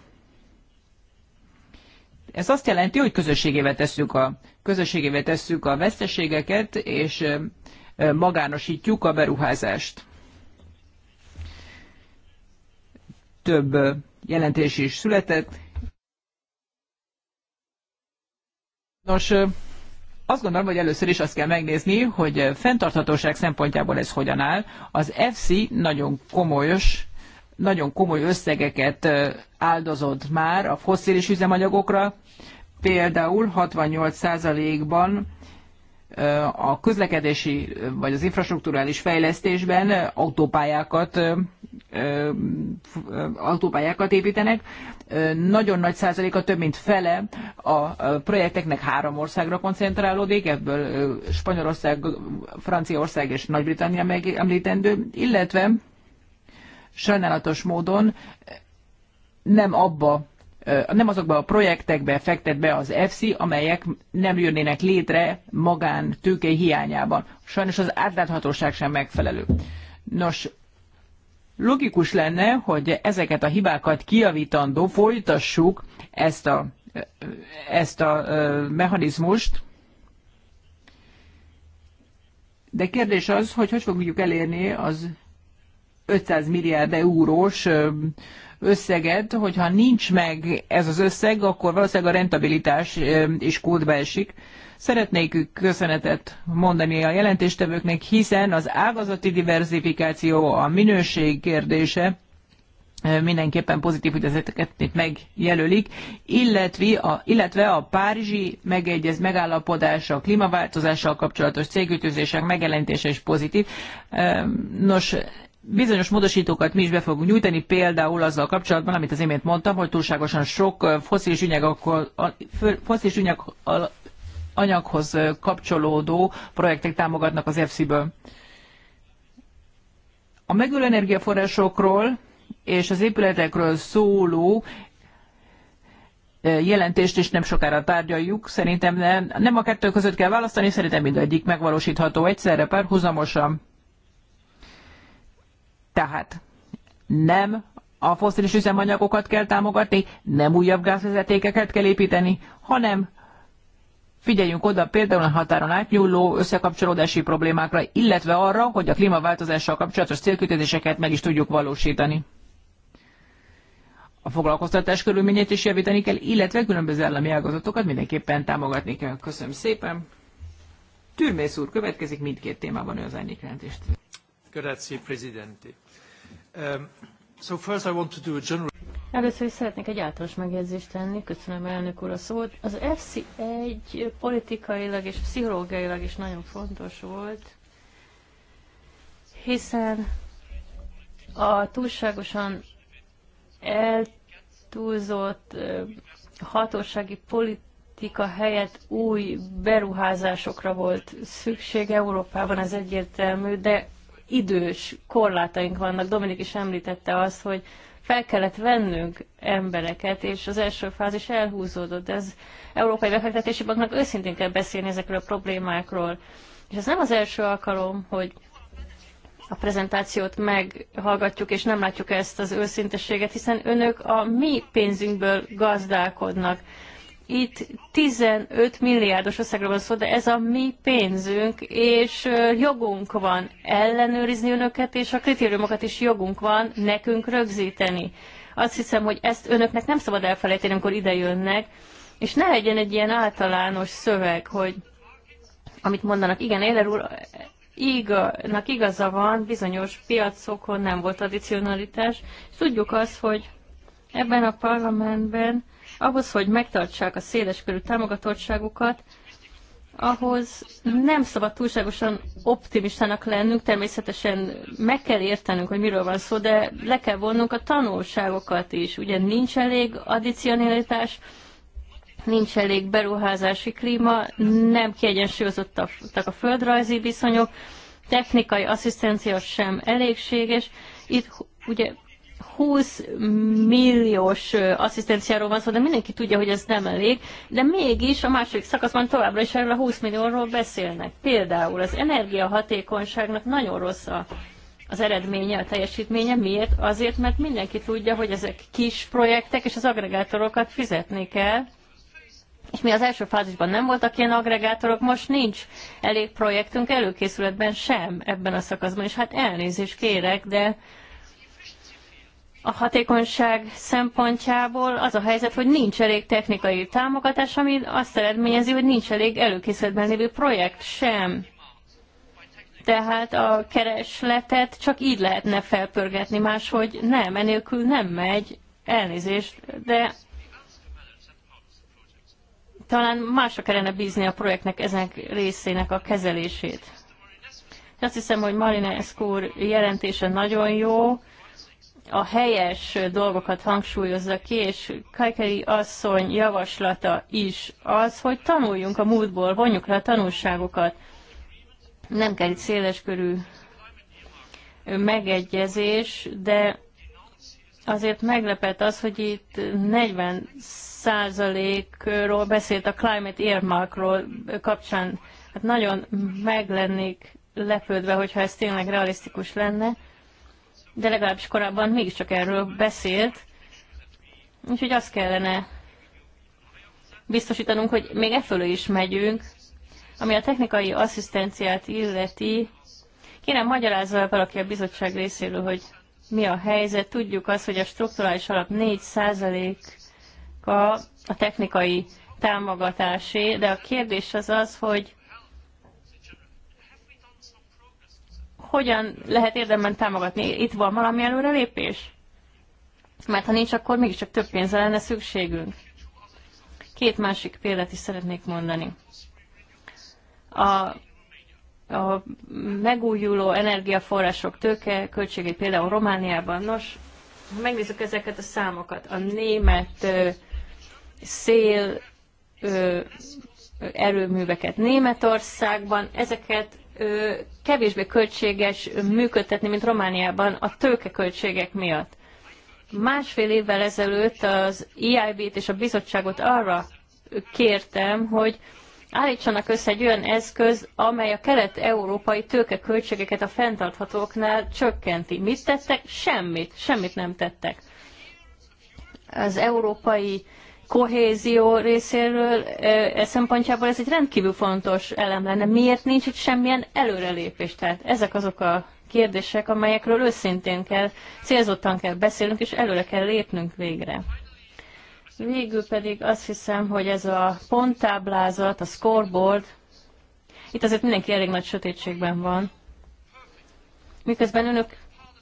Ez azt jelenti, hogy közösségével tesszük a, közösségével tesszük a veszteségeket, és magánosítjuk a beruházást. több jelentés is született. Nos, azt gondolom, hogy először is azt kell megnézni, hogy fenntarthatóság szempontjából ez hogyan áll. Az FC nagyon komolyos, nagyon komoly összegeket áldozott már a fosszilis üzemanyagokra, például 68%-ban a közlekedési vagy az infrastruktúrális fejlesztésben autópályákat, autópályákat építenek. Nagyon nagy százaléka, több mint fele a projekteknek három országra koncentrálódik, ebből Spanyolország, Franciaország és Nagy-Britannia megemlítendő, illetve sajnálatos módon nem abba nem azokba a projektekbe fektet be az EFSI, amelyek nem jönnének létre magán tőke hiányában. Sajnos az átláthatóság sem megfelelő. Nos, logikus lenne, hogy ezeket a hibákat kiavítandó folytassuk ezt a, ezt a mechanizmust, de kérdés az, hogy hogy fogjuk elérni az 500 milliárd eurós összeget, hogyha nincs meg ez az összeg, akkor valószínűleg a rentabilitás is kódba esik. Szeretnék köszönetet mondani a jelentéstevőknek, hiszen az ágazati diversifikáció, a minőség kérdése, mindenképpen pozitív, hogy ezeket itt megjelölik, illetve a, illetve a párizsi megegyez megállapodás, a klímaváltozással kapcsolatos cégütőzések megjelentése is pozitív. Nos, bizonyos módosítókat mi is be fogunk nyújtani, például azzal kapcsolatban, amit az imént mondtam, hogy túlságosan sok foszilis ügyek, foszilis ügyek anyaghoz kapcsolódó projektek támogatnak az EFSI-ből. A megülő energiaforrásokról és az épületekről szóló jelentést is nem sokára tárgyaljuk. Szerintem nem, nem a kettő között kell választani, szerintem mindegyik megvalósítható egyszerre párhuzamosan. Tehát nem a foszilis üzemanyagokat kell támogatni, nem újabb gázvezetékeket kell építeni, hanem figyeljünk oda például a határon átnyúló összekapcsolódási problémákra, illetve arra, hogy a klímaváltozással kapcsolatos célkütőzéseket meg is tudjuk valósítani. A foglalkoztatás körülményét is javítani kell, illetve különböző állami ágazatokat mindenképpen támogatni kell. Köszönöm szépen. Türmész úr következik mindkét témában ő az árnyékrendést. Grazie, Presidente. Um, Először is szeretnék egy általános megjegyzést tenni, köszönöm elnök úr a szót. Az FC1 politikailag és pszichológiailag is nagyon fontos volt, hiszen a túlságosan eltúlzott hatósági politika helyett új beruházásokra volt szükség Európában, ez egyértelmű, de idős korlátaink vannak. Dominik is említette azt, hogy fel kellett vennünk embereket, és az első fázis elhúzódott. Ez Európai Befektetési Banknak őszintén kell beszélni ezekről a problémákról. És ez nem az első alkalom, hogy a prezentációt meghallgatjuk, és nem látjuk ezt az őszintességet, hiszen önök a mi pénzünkből gazdálkodnak. Itt 15 milliárdos összegről van szó, de ez a mi pénzünk, és jogunk van ellenőrizni önöket, és a kritériumokat is jogunk van nekünk rögzíteni. Azt hiszem, hogy ezt önöknek nem szabad elfelejteni, amikor ide jönnek, és ne legyen egy ilyen általános szöveg, hogy amit mondanak, igen, Éler úr, iganak igaza van, bizonyos piacokon nem volt addicionalitás, és tudjuk azt, hogy ebben a parlamentben ahhoz, hogy megtartsák a széleskörű támogatottságukat, ahhoz nem szabad túlságosan optimistának lennünk, természetesen meg kell értenünk, hogy miről van szó, de le kell vonnunk a tanulságokat is. Ugye nincs elég addicionalitás, nincs elég beruházási klíma, nem kiegyensúlyozottak a földrajzi viszonyok, technikai asszisztencia sem elégséges. Itt ugye 20 milliós asszisztenciáról van szó, de mindenki tudja, hogy ez nem elég, de mégis a második szakaszban továbbra is erről a 20 millióról beszélnek. Például az energiahatékonyságnak nagyon rossz a az eredménye, a teljesítménye. Miért? Azért, mert mindenki tudja, hogy ezek kis projektek, és az agregátorokat fizetni kell. És mi az első fázisban nem voltak ilyen agregátorok, most nincs elég projektünk előkészületben sem ebben a szakaszban, és hát elnézést kérek, de a hatékonyság szempontjából az a helyzet, hogy nincs elég technikai támogatás, ami azt eredményezi, hogy nincs elég előkészületben lévő projekt sem. Tehát a keresletet csak így lehetne felpörgetni, máshogy nem, enélkül nem megy, elnézést, de talán másra kellene bízni a projektnek ezen részének a kezelését. Azt hiszem, hogy Marinescu úr jelentése nagyon jó, a helyes dolgokat hangsúlyozza ki, és Kajkeri asszony javaslata is az, hogy tanuljunk a múltból, vonjuk le a tanulságokat. Nem kell itt széleskörű megegyezés, de azért meglepett az, hogy itt 40 százalékról beszélt a Climate Earmarkról kapcsán. Hát nagyon meglennék lepődve, hogyha ez tényleg realisztikus lenne de legalábbis korábban mégiscsak erről beszélt. Úgyhogy azt kellene biztosítanunk, hogy még e fölő is megyünk, ami a technikai asszisztenciát illeti. Kérem, magyarázza el valaki a bizottság részéről, hogy mi a helyzet. Tudjuk azt, hogy a strukturális alap 4%-a a technikai támogatásé, de a kérdés az az, hogy hogyan lehet érdemben támogatni? Itt van valami előrelépés? Mert ha nincs, akkor mégiscsak több pénzre lenne szükségünk. Két másik példát is szeretnék mondani. A a megújuló energiaforrások tőke költségét például Romániában. Nos, ha megnézzük ezeket a számokat, a német ö, szél ö, erőműveket Németországban, ezeket kevésbé költséges működtetni, mint Romániában a tőkeköltségek miatt. Másfél évvel ezelőtt az EIB-t és a bizottságot arra kértem, hogy állítsanak össze egy olyan eszköz, amely a kelet-európai tőkeköltségeket a fenntarthatóknál csökkenti. Mit tettek? Semmit. Semmit nem tettek. Az európai kohézió részéről e szempontjából ez egy rendkívül fontos elem lenne. Miért nincs itt semmilyen előrelépés? Tehát ezek azok a kérdések, amelyekről őszintén kell, célzottan kell beszélnünk, és előre kell lépnünk végre. Végül pedig azt hiszem, hogy ez a ponttáblázat, a scoreboard, itt azért mindenki elég nagy sötétségben van. Miközben önök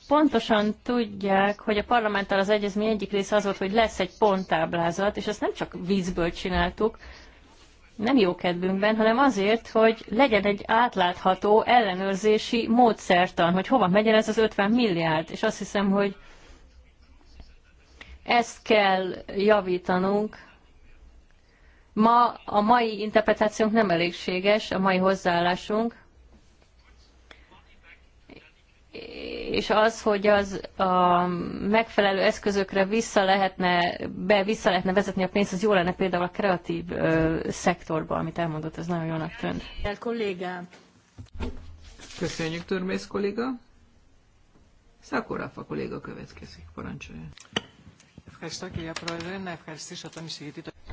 pontosan tudják, hogy a parlamenttel az egyezmény egyik része az volt, hogy lesz egy ponttáblázat, és ezt nem csak vízből csináltuk, nem jó kedvünkben, hanem azért, hogy legyen egy átlátható ellenőrzési módszertan, hogy hova megy ez az 50 milliárd. És azt hiszem, hogy ezt kell javítanunk. Ma a mai interpretációnk nem elégséges, a mai hozzáállásunk, és az, hogy az a megfelelő eszközökre vissza lehetne, be vissza lehetne vezetni a pénzt, az jó lenne például a kreatív ö, szektorban, amit elmondott, ez nagyon jónak tűnt. kollégám. Köszönjük, Törmész kolléga. Szakorafa kolléga következik, parancsolja.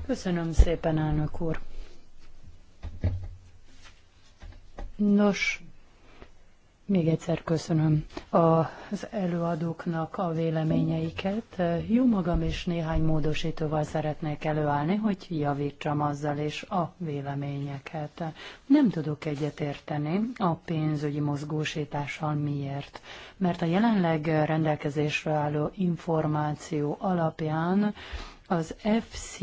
Köszönöm szépen, elnök úr. Nos, még egyszer köszönöm az előadóknak a véleményeiket. Jó magam és néhány módosítóval szeretnék előállni, hogy javítsam azzal és a véleményeket. Nem tudok egyetérteni a pénzügyi mozgósítással miért. Mert a jelenleg rendelkezésre álló információ alapján az FC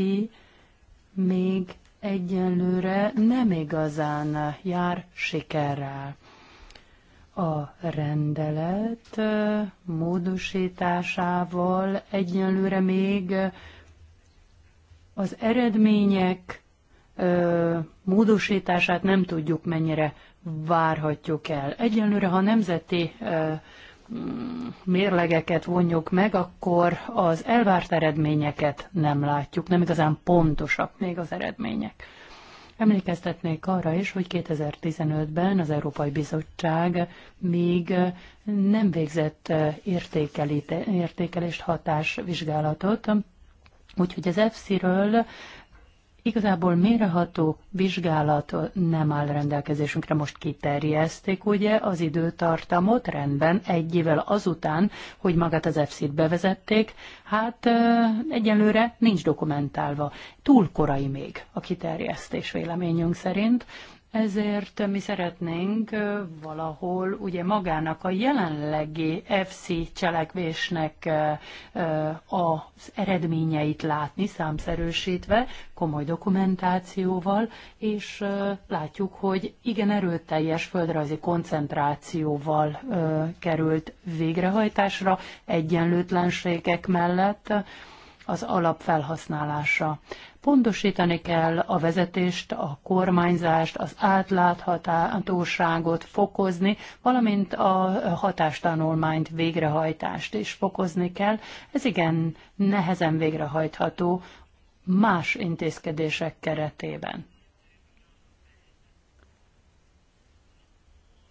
még egyenlőre nem igazán jár sikerrel a rendelet módosításával egyenlőre még az eredmények módosítását nem tudjuk mennyire várhatjuk el. Egyenlőre, ha nemzeti mm, mérlegeket vonjuk meg, akkor az elvárt eredményeket nem látjuk, nem igazán pontosak még az eredmények. Emlékeztetnék arra is, hogy 2015-ben az Európai Bizottság még nem végzett eh, értékelést, hatásvizsgálatot, úgyhogy az EFSZ-ről Igazából méreható vizsgálat nem áll rendelkezésünkre, most kiterjeszték ugye az időtartamot, rendben, egy évvel azután, hogy magát az EFSZ-t bevezették, hát egyelőre nincs dokumentálva. Túl korai még a kiterjesztés véleményünk szerint. Ezért mi szeretnénk valahol ugye magának a jelenlegi FC cselekvésnek az eredményeit látni, számszerűsítve, komoly dokumentációval, és látjuk, hogy igen erőteljes földrajzi koncentrációval került végrehajtásra, egyenlőtlenségek mellett az alapfelhasználása. Pontosítani kell a vezetést, a kormányzást, az átláthatóságot fokozni, valamint a hatástanulmányt végrehajtást is fokozni kell. Ez igen nehezen végrehajtható más intézkedések keretében.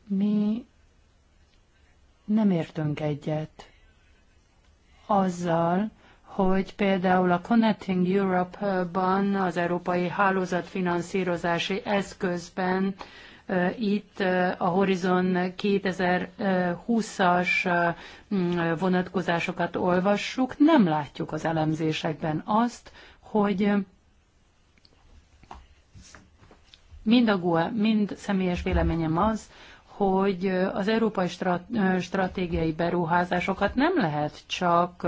Mi nem értünk egyet azzal, hogy például a Connecting Europe-ban, az Európai Hálózatfinanszírozási Eszközben itt a Horizon 2020-as vonatkozásokat olvassuk, nem látjuk az elemzésekben azt, hogy mind a GUA, mind személyes véleményem az, hogy az európai stratégiai beruházásokat nem lehet csak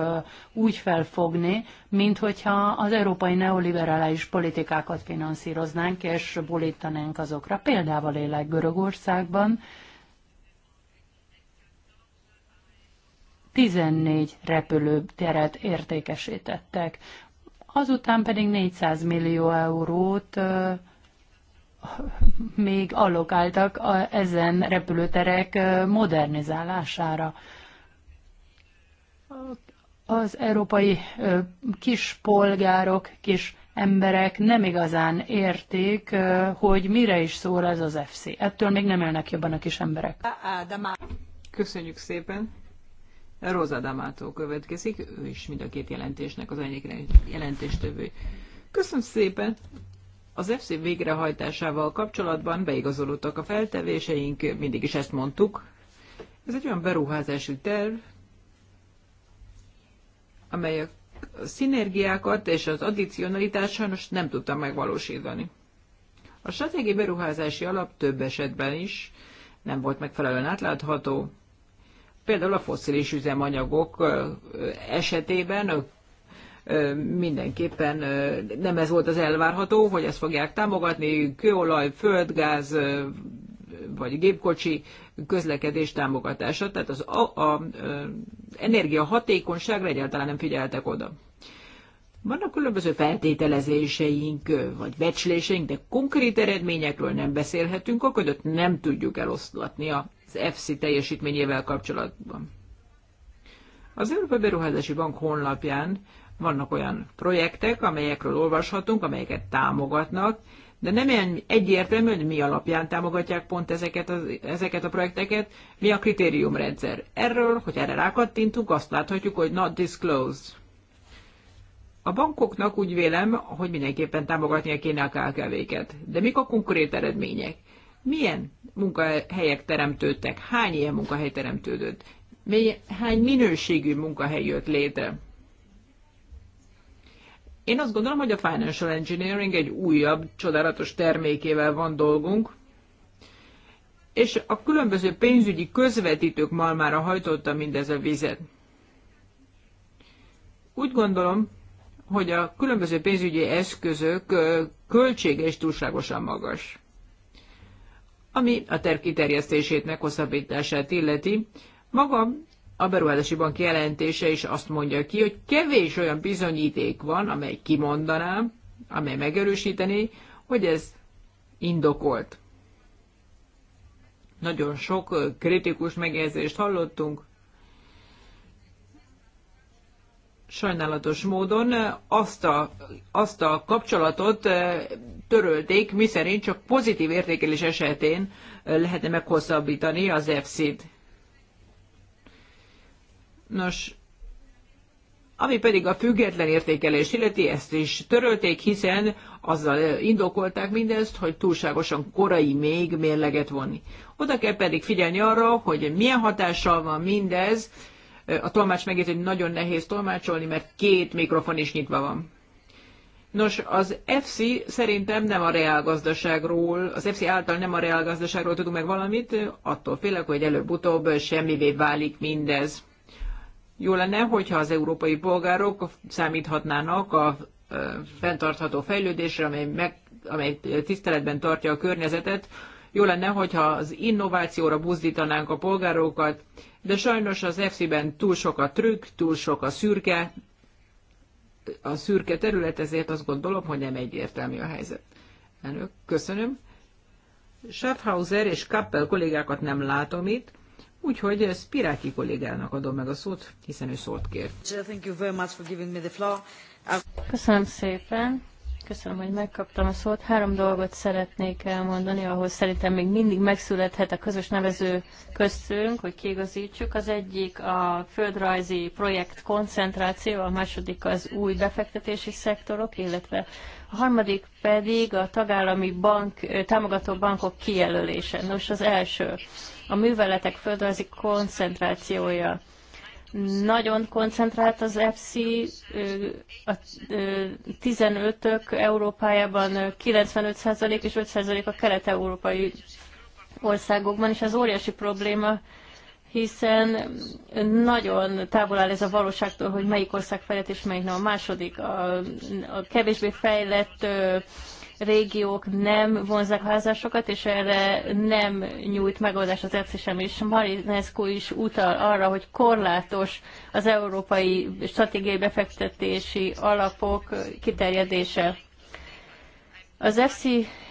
úgy felfogni, mint hogyha az európai neoliberális politikákat finanszíroznánk és bulítanánk azokra. Példával élek Görögországban, 14 repülőteret értékesítettek. Azután pedig 400 millió eurót még allokáltak a, ezen repülőterek modernizálására. Az európai kispolgárok, kis emberek nem igazán érték, hogy mire is szól ez az FC. Ettől még nem élnek jobban a kis emberek. Köszönjük szépen! Rosa D'Amato következik, ő is mind a két jelentésnek az egyik jelentéstövő. Köszönöm szépen! Az FC végrehajtásával kapcsolatban beigazolódtak a feltevéseink, mindig is ezt mondtuk. Ez egy olyan beruházási terv, amely a szinergiákat és az addicionalitást sajnos nem tudta megvalósítani. A stratégiai beruházási alap több esetben is nem volt megfelelően átlátható. Például a fosszilis üzemanyagok esetében mindenképpen nem ez volt az elvárható, hogy ezt fogják támogatni, kőolaj, földgáz, vagy gépkocsi közlekedés támogatása, tehát az a, a, a energiahatékonyságra egyáltalán nem figyeltek oda. Vannak különböző feltételezéseink, vagy becsléseink, de konkrét eredményekről nem beszélhetünk, akkor ott nem tudjuk eloszlatni az EFSI teljesítményével kapcsolatban. Az Európai Beruházási Bank honlapján vannak olyan projektek, amelyekről olvashatunk, amelyeket támogatnak, de nem ilyen egyértelmű, hogy mi alapján támogatják pont ezeket, a, ezeket a projekteket, mi a kritériumrendszer. Erről, hogy erre rákattintunk, azt láthatjuk, hogy not disclosed. A bankoknak úgy vélem, hogy mindenképpen támogatnia kéne a KKV-ket. De mik a konkrét eredmények? Milyen munkahelyek teremtődtek? Hány ilyen munkahely teremtődött? Hány minőségű munkahely jött létre? Én azt gondolom, hogy a Financial Engineering egy újabb, csodálatos termékével van dolgunk, és a különböző pénzügyi közvetítők malmára hajtotta mindez a vizet. Úgy gondolom, hogy a különböző pénzügyi eszközök költsége is túlságosan magas. Ami a terv kiterjesztését, meghosszabbítását illeti, maga a beruházási bank jelentése is azt mondja ki, hogy kevés olyan bizonyíték van, amely kimondaná, amely megerősítené, hogy ez indokolt. Nagyon sok kritikus megjegyzést hallottunk. Sajnálatos módon azt a, azt a kapcsolatot törölték, miszerint csak pozitív értékelés esetén lehetne meghosszabbítani az EFSZ-t. Nos, ami pedig a független értékelés illeti, ezt is törölték, hiszen azzal indokolták mindezt, hogy túlságosan korai még mérleget vonni. Oda kell pedig figyelni arra, hogy milyen hatással van mindez. A tolmács megint, hogy nagyon nehéz tolmácsolni, mert két mikrofon is nyitva van. Nos, az FC szerintem nem a reálgazdaságról, az FC által nem a reálgazdaságról tudunk meg valamit, attól félek, hogy előbb-utóbb semmivé válik mindez. Jó lenne, hogyha az európai polgárok számíthatnának a fenntartható fejlődésre, amely, meg, amely tiszteletben tartja a környezetet. Jó lenne, hogyha az innovációra buzdítanánk a polgárokat, de sajnos az EFSI-ben túl sok a trükk, túl sok a szürke, a szürke terület, ezért azt gondolom, hogy nem egyértelmű a helyzet. Elnök, köszönöm. Schaffhauser és Kappel kollégákat nem látom itt. Úgyhogy eh, Spiráki kollégának adom meg a szót, hiszen ő szót kért. Uh, Köszönöm szépen. Köszönöm, hogy megkaptam a szót. Három dolgot szeretnék elmondani, ahol szerintem még mindig megszülethet a közös nevező köztünk, hogy kiigazítsuk. Az egyik a földrajzi projekt koncentráció, a második az új befektetési szektorok, illetve a harmadik pedig a tagállami bank, támogató bankok kijelölése. Nos, az első a műveletek földrajzi koncentrációja. Nagyon koncentrált az EPSI, a 15-ök Európájában 95% és 5% a kelet-európai országokban, és ez óriási probléma, hiszen nagyon távol áll ez a valóságtól, hogy melyik ország fejlett és melyik nem. A második, a, a kevésbé fejlett régiók nem vonzák házásokat, és erre nem nyújt megoldást az EFSI sem, és Marinescu is utal arra, hogy korlátos az európai stratégiai befektetési alapok kiterjedése. Az FC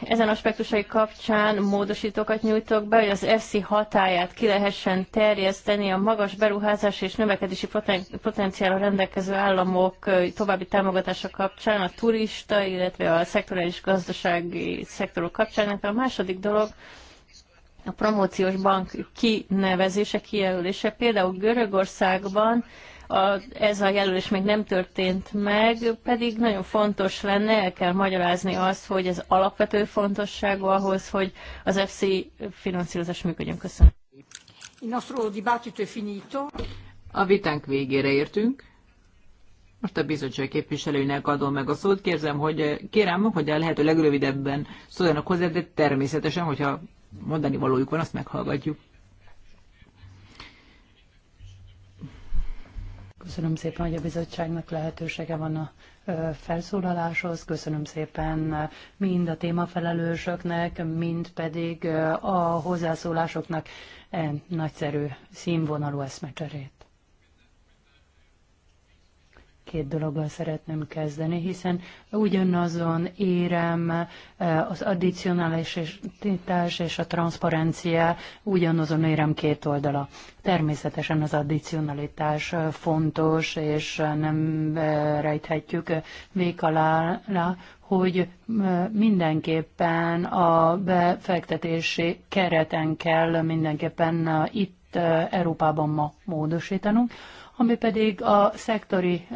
ezen aspektusai kapcsán módosítókat nyújtok be, hogy az FC hatáját ki lehessen terjeszteni a magas beruházás és növekedési poten potenciálra rendelkező államok további támogatása kapcsán, a turista, illetve a szektorális gazdasági szektorok kapcsán. A második dolog, a promóciós bank kinevezése, kijelölése. Például Görögországban a, ez a jelölés még nem történt meg, pedig nagyon fontos lenne, el kell magyarázni azt, hogy ez alapvető fontosságú ahhoz, hogy az FC finanszírozás működjön. Köszönöm. Il nostro dibattito è finito. A vitánk végére értünk. Most a bizottság képviselőinek adom meg a szót. Kérzem, hogy, kérem, hogy a lehető legrövidebben szóljanak hozzá, de természetesen, hogyha mondani valójuk van, azt meghallgatjuk. Köszönöm szépen, hogy a bizottságnak lehetősége van a felszólaláshoz. Köszönöm szépen mind a témafelelősöknek, mind pedig a hozzászólásoknak e, nagyszerű színvonalú eszmecserét két dologgal szeretném kezdeni, hiszen ugyanazon érem eh, az addicionális és a transzparencia ugyanazon érem két oldala. Természetesen az addicionalitás eh, fontos, és eh, nem rejthetjük vék alá, hogy mindenképpen a befektetési kereten kell mindenképpen itt Európában ma módosítanunk ami pedig a szektori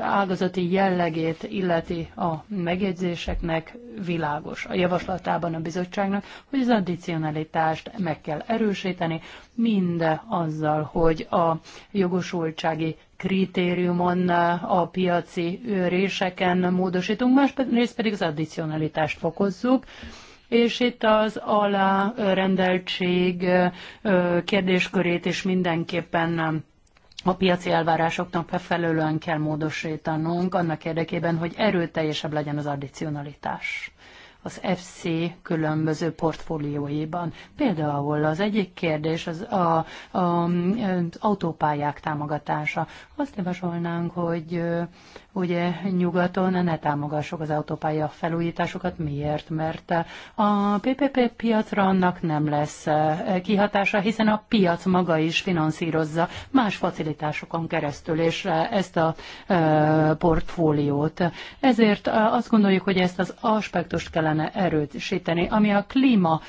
ágazati jellegét illeti a megjegyzéseknek világos a javaslatában a bizottságnak, hogy az addicionalitást meg kell erősíteni, mind azzal, hogy a jogosultsági kritériumon, a piaci őréseken módosítunk, másrészt pedig az addicionalitást fokozzuk, és itt az alárendeltség kérdéskörét is mindenképpen a piaci elvárásoknak megfelelően kell módosítanunk annak érdekében, hogy erőteljesebb legyen az addicionalitás az FC különböző portfólióiban. Például az egyik kérdés az, a, a, az autópályák támogatása. Azt javasolnánk, hogy Ugye nyugaton ne támogassuk az autópálya felújításokat. Miért? Mert a PPP piacra annak nem lesz eh, kihatása, hiszen a piac maga is finanszírozza más facilitásokon keresztül, és eh, ezt a eh, portfóliót. Ezért azt gondoljuk, hogy ezt az aspektust kellene erősíteni, ami a klíma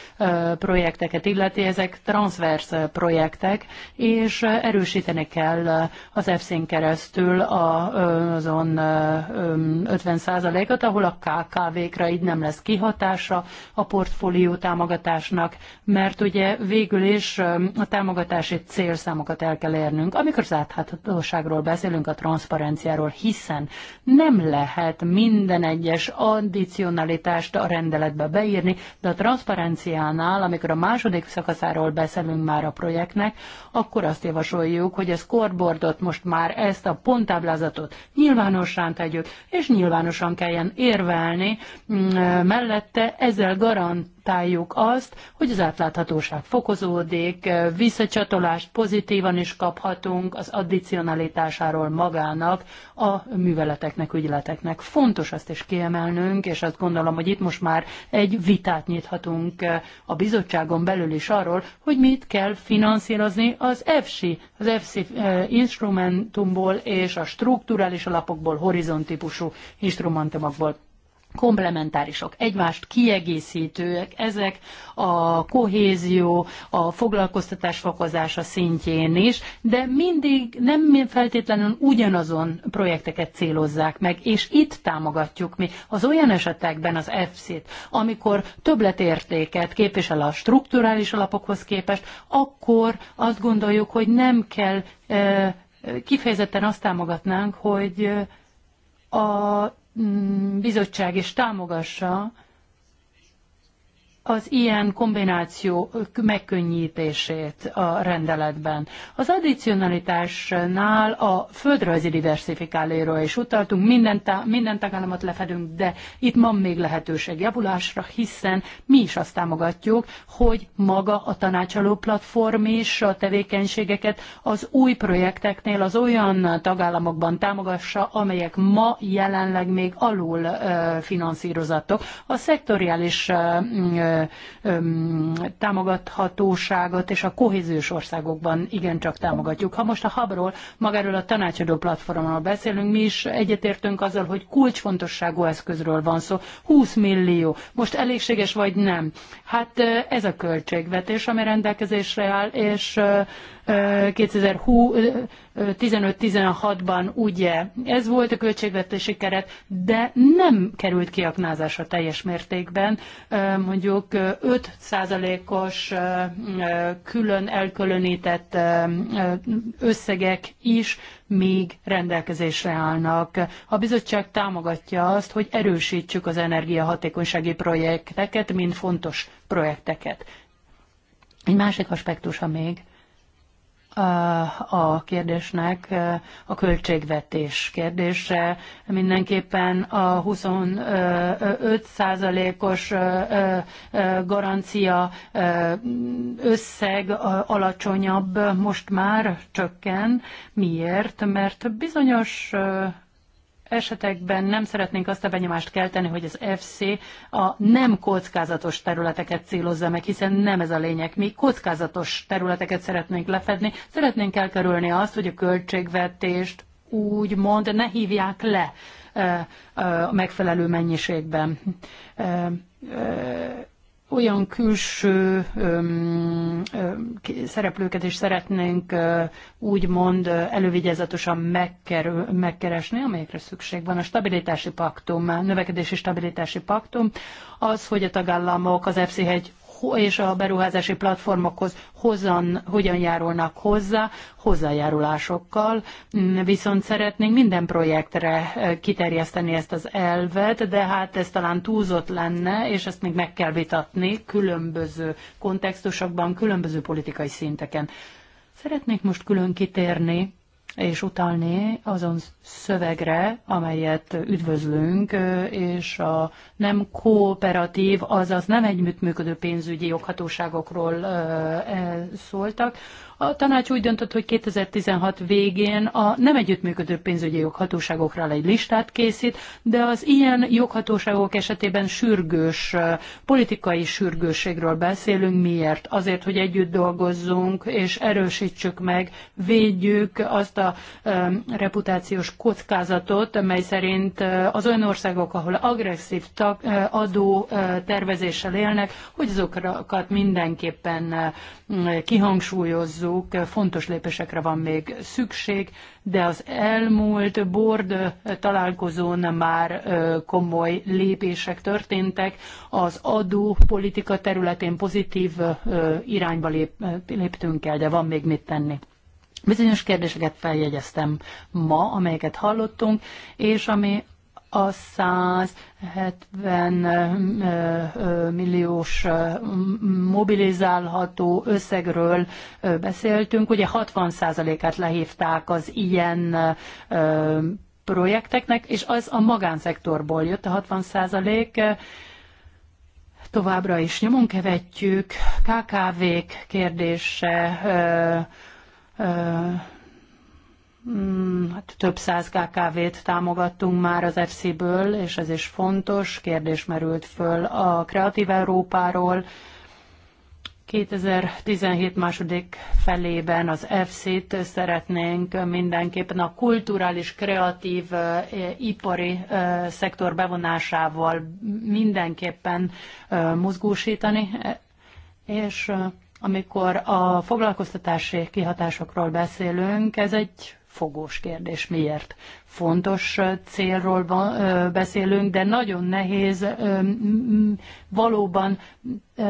projekteket illeti, ezek transvers projektek, és erősíteni kell az EFSZ-n keresztül azon 50%-ot, um, ahol a KKV-kra így nem lesz kihatása a portfólió támogatásnak, mert ugye végül is um, a támogatási célszámokat el kell érnünk, amikor az áthatóságról beszélünk, a transzparenciáról, hiszen nem lehet minden egyes addicionalitást a rendeletbe beírni, de a transzparenciánál, amikor a második szakaszáról beszélünk már a projektnek, akkor azt javasoljuk, hogy a scoreboardot most már ezt a ponttáblázatot nyilvános nyilvánossá tegyük, és nyilvánosan kelljen érvelni mm, mellette, ezzel garant garantáljuk azt, hogy az átláthatóság fokozódik, eh, visszacsatolást pozitívan is kaphatunk az addicionalitásáról magának, a műveleteknek, ügyleteknek. Fontos azt is kiemelnünk, és azt gondolom, hogy itt most már egy vitát nyithatunk eh, a bizottságon belül is arról, hogy mit kell finanszírozni az EFSI, az EFSI eh, instrumentumból és a strukturális alapokból, típusú instrumentumokból komplementárisok, egymást kiegészítőek, ezek a kohézió, a foglalkoztatás fokozása szintjén is, de mindig nem feltétlenül ugyanazon projekteket célozzák meg, és itt támogatjuk mi az olyan esetekben az EFSZ-t, amikor többletértéket képvisel a strukturális alapokhoz képest, akkor azt gondoljuk, hogy nem kell eh, kifejezetten azt támogatnánk, hogy eh, a Mm, bizottság is támogassa az ilyen kombináció megkönnyítését a rendeletben. Az addicionalitásnál a földrajzi diversifikálóra is utaltunk, minden, tá- minden tagállamot lefedünk, de itt van még lehetőség javulásra, hiszen mi is azt támogatjuk, hogy maga a tanácsoló platform is a tevékenységeket az új projekteknél az olyan tagállamokban támogassa, amelyek ma jelenleg még alul finanszírozatok. A szektoriális támogathatóságot és a kohéziós országokban igencsak támogatjuk. Ha most a habról, magáról a tanácsadó platformról beszélünk, mi is egyetértünk azzal, hogy kulcsfontosságú eszközről van szó. 20 millió. Most elégséges vagy nem? Hát ez a költségvetés, ami rendelkezésre áll, és 2015-16-ban ugye ez volt a költségvetési keret, de nem került kiaknázásra teljes mértékben, mondjuk 5%-os külön elkülönített összegek is még rendelkezésre állnak. A bizottság támogatja azt, hogy erősítsük az energiahatékonysági projekteket, mint fontos projekteket. Egy másik aspektusa még a kérdésnek a költségvetés kérdése. Mindenképpen a 25 százalékos garancia összeg alacsonyabb most már csökken. Miért? Mert bizonyos esetekben nem szeretnénk azt a benyomást kelteni, hogy az FC a nem kockázatos területeket célozza meg, hiszen nem ez a lényeg. Mi kockázatos területeket szeretnénk lefedni, szeretnénk elkerülni azt, hogy a költségvetést úgy mond, ne hívják le eh, eh, a megfelelő mennyiségben eh, olyan külső öm, öm, szereplőket is szeretnénk ö, úgymond elővigyázatosan megkeresni, amelyekre szükség van. A stabilitási paktum, a növekedési stabilitási paktum az, hogy a tagállamok az EFSZ-hegy és a beruházási platformokhoz hozan, hogyan járulnak hozzá, hozzájárulásokkal, viszont szeretnénk minden projektre eh, kiterjeszteni ezt az elvet, de hát ez talán túlzott lenne, és ezt még meg kell vitatni különböző kontextusokban, különböző politikai szinteken. Szeretnék most külön kitérni és utalni azon szövegre, amelyet üdvözlünk, és a nem kooperatív, azaz nem együttműködő pénzügyi joghatóságokról e, szóltak, a tanács úgy döntött, hogy 2016 végén a nem együttműködő pénzügyi joghatóságokra egy listát készít, de az ilyen joghatóságok esetében sürgős, politikai sürgőségről beszélünk. Miért? Azért, hogy együtt dolgozzunk és erősítsük meg, védjük azt a um, reputációs kockázatot, mely szerint az olyan országok, ahol agresszív tag, adó tervezéssel élnek, hogy azokat mindenképpen kihangsúlyozzuk, tudjuk, fontos lépésekre van még szükség, de az elmúlt board találkozón már komoly lépések történtek. Az adópolitika területén pozitív irányba léptünk el, de van még mit tenni. Bizonyos kérdéseket feljegyeztem ma, amelyeket hallottunk, és ami a 170 milliós mobilizálható összegről beszéltünk. Ugye 60%-át lehívták az ilyen projekteknek, és az a magánszektorból jött a 60 százalék. Továbbra is nyomon kevetjük. KKV-k kérdése, Hmm, hát több száz KKV-t támogattunk már az FC-ből, és ez is fontos kérdés merült föl a Kreatív Európáról. 2017 második felében az FC t szeretnénk mindenképpen a kulturális, kreatív, ipari szektor bevonásával mindenképpen mozgósítani, és amikor a foglalkoztatási kihatásokról beszélünk, ez egy fogós kérdés. Miért? Fontos célról beszélünk, de nagyon nehéz valóban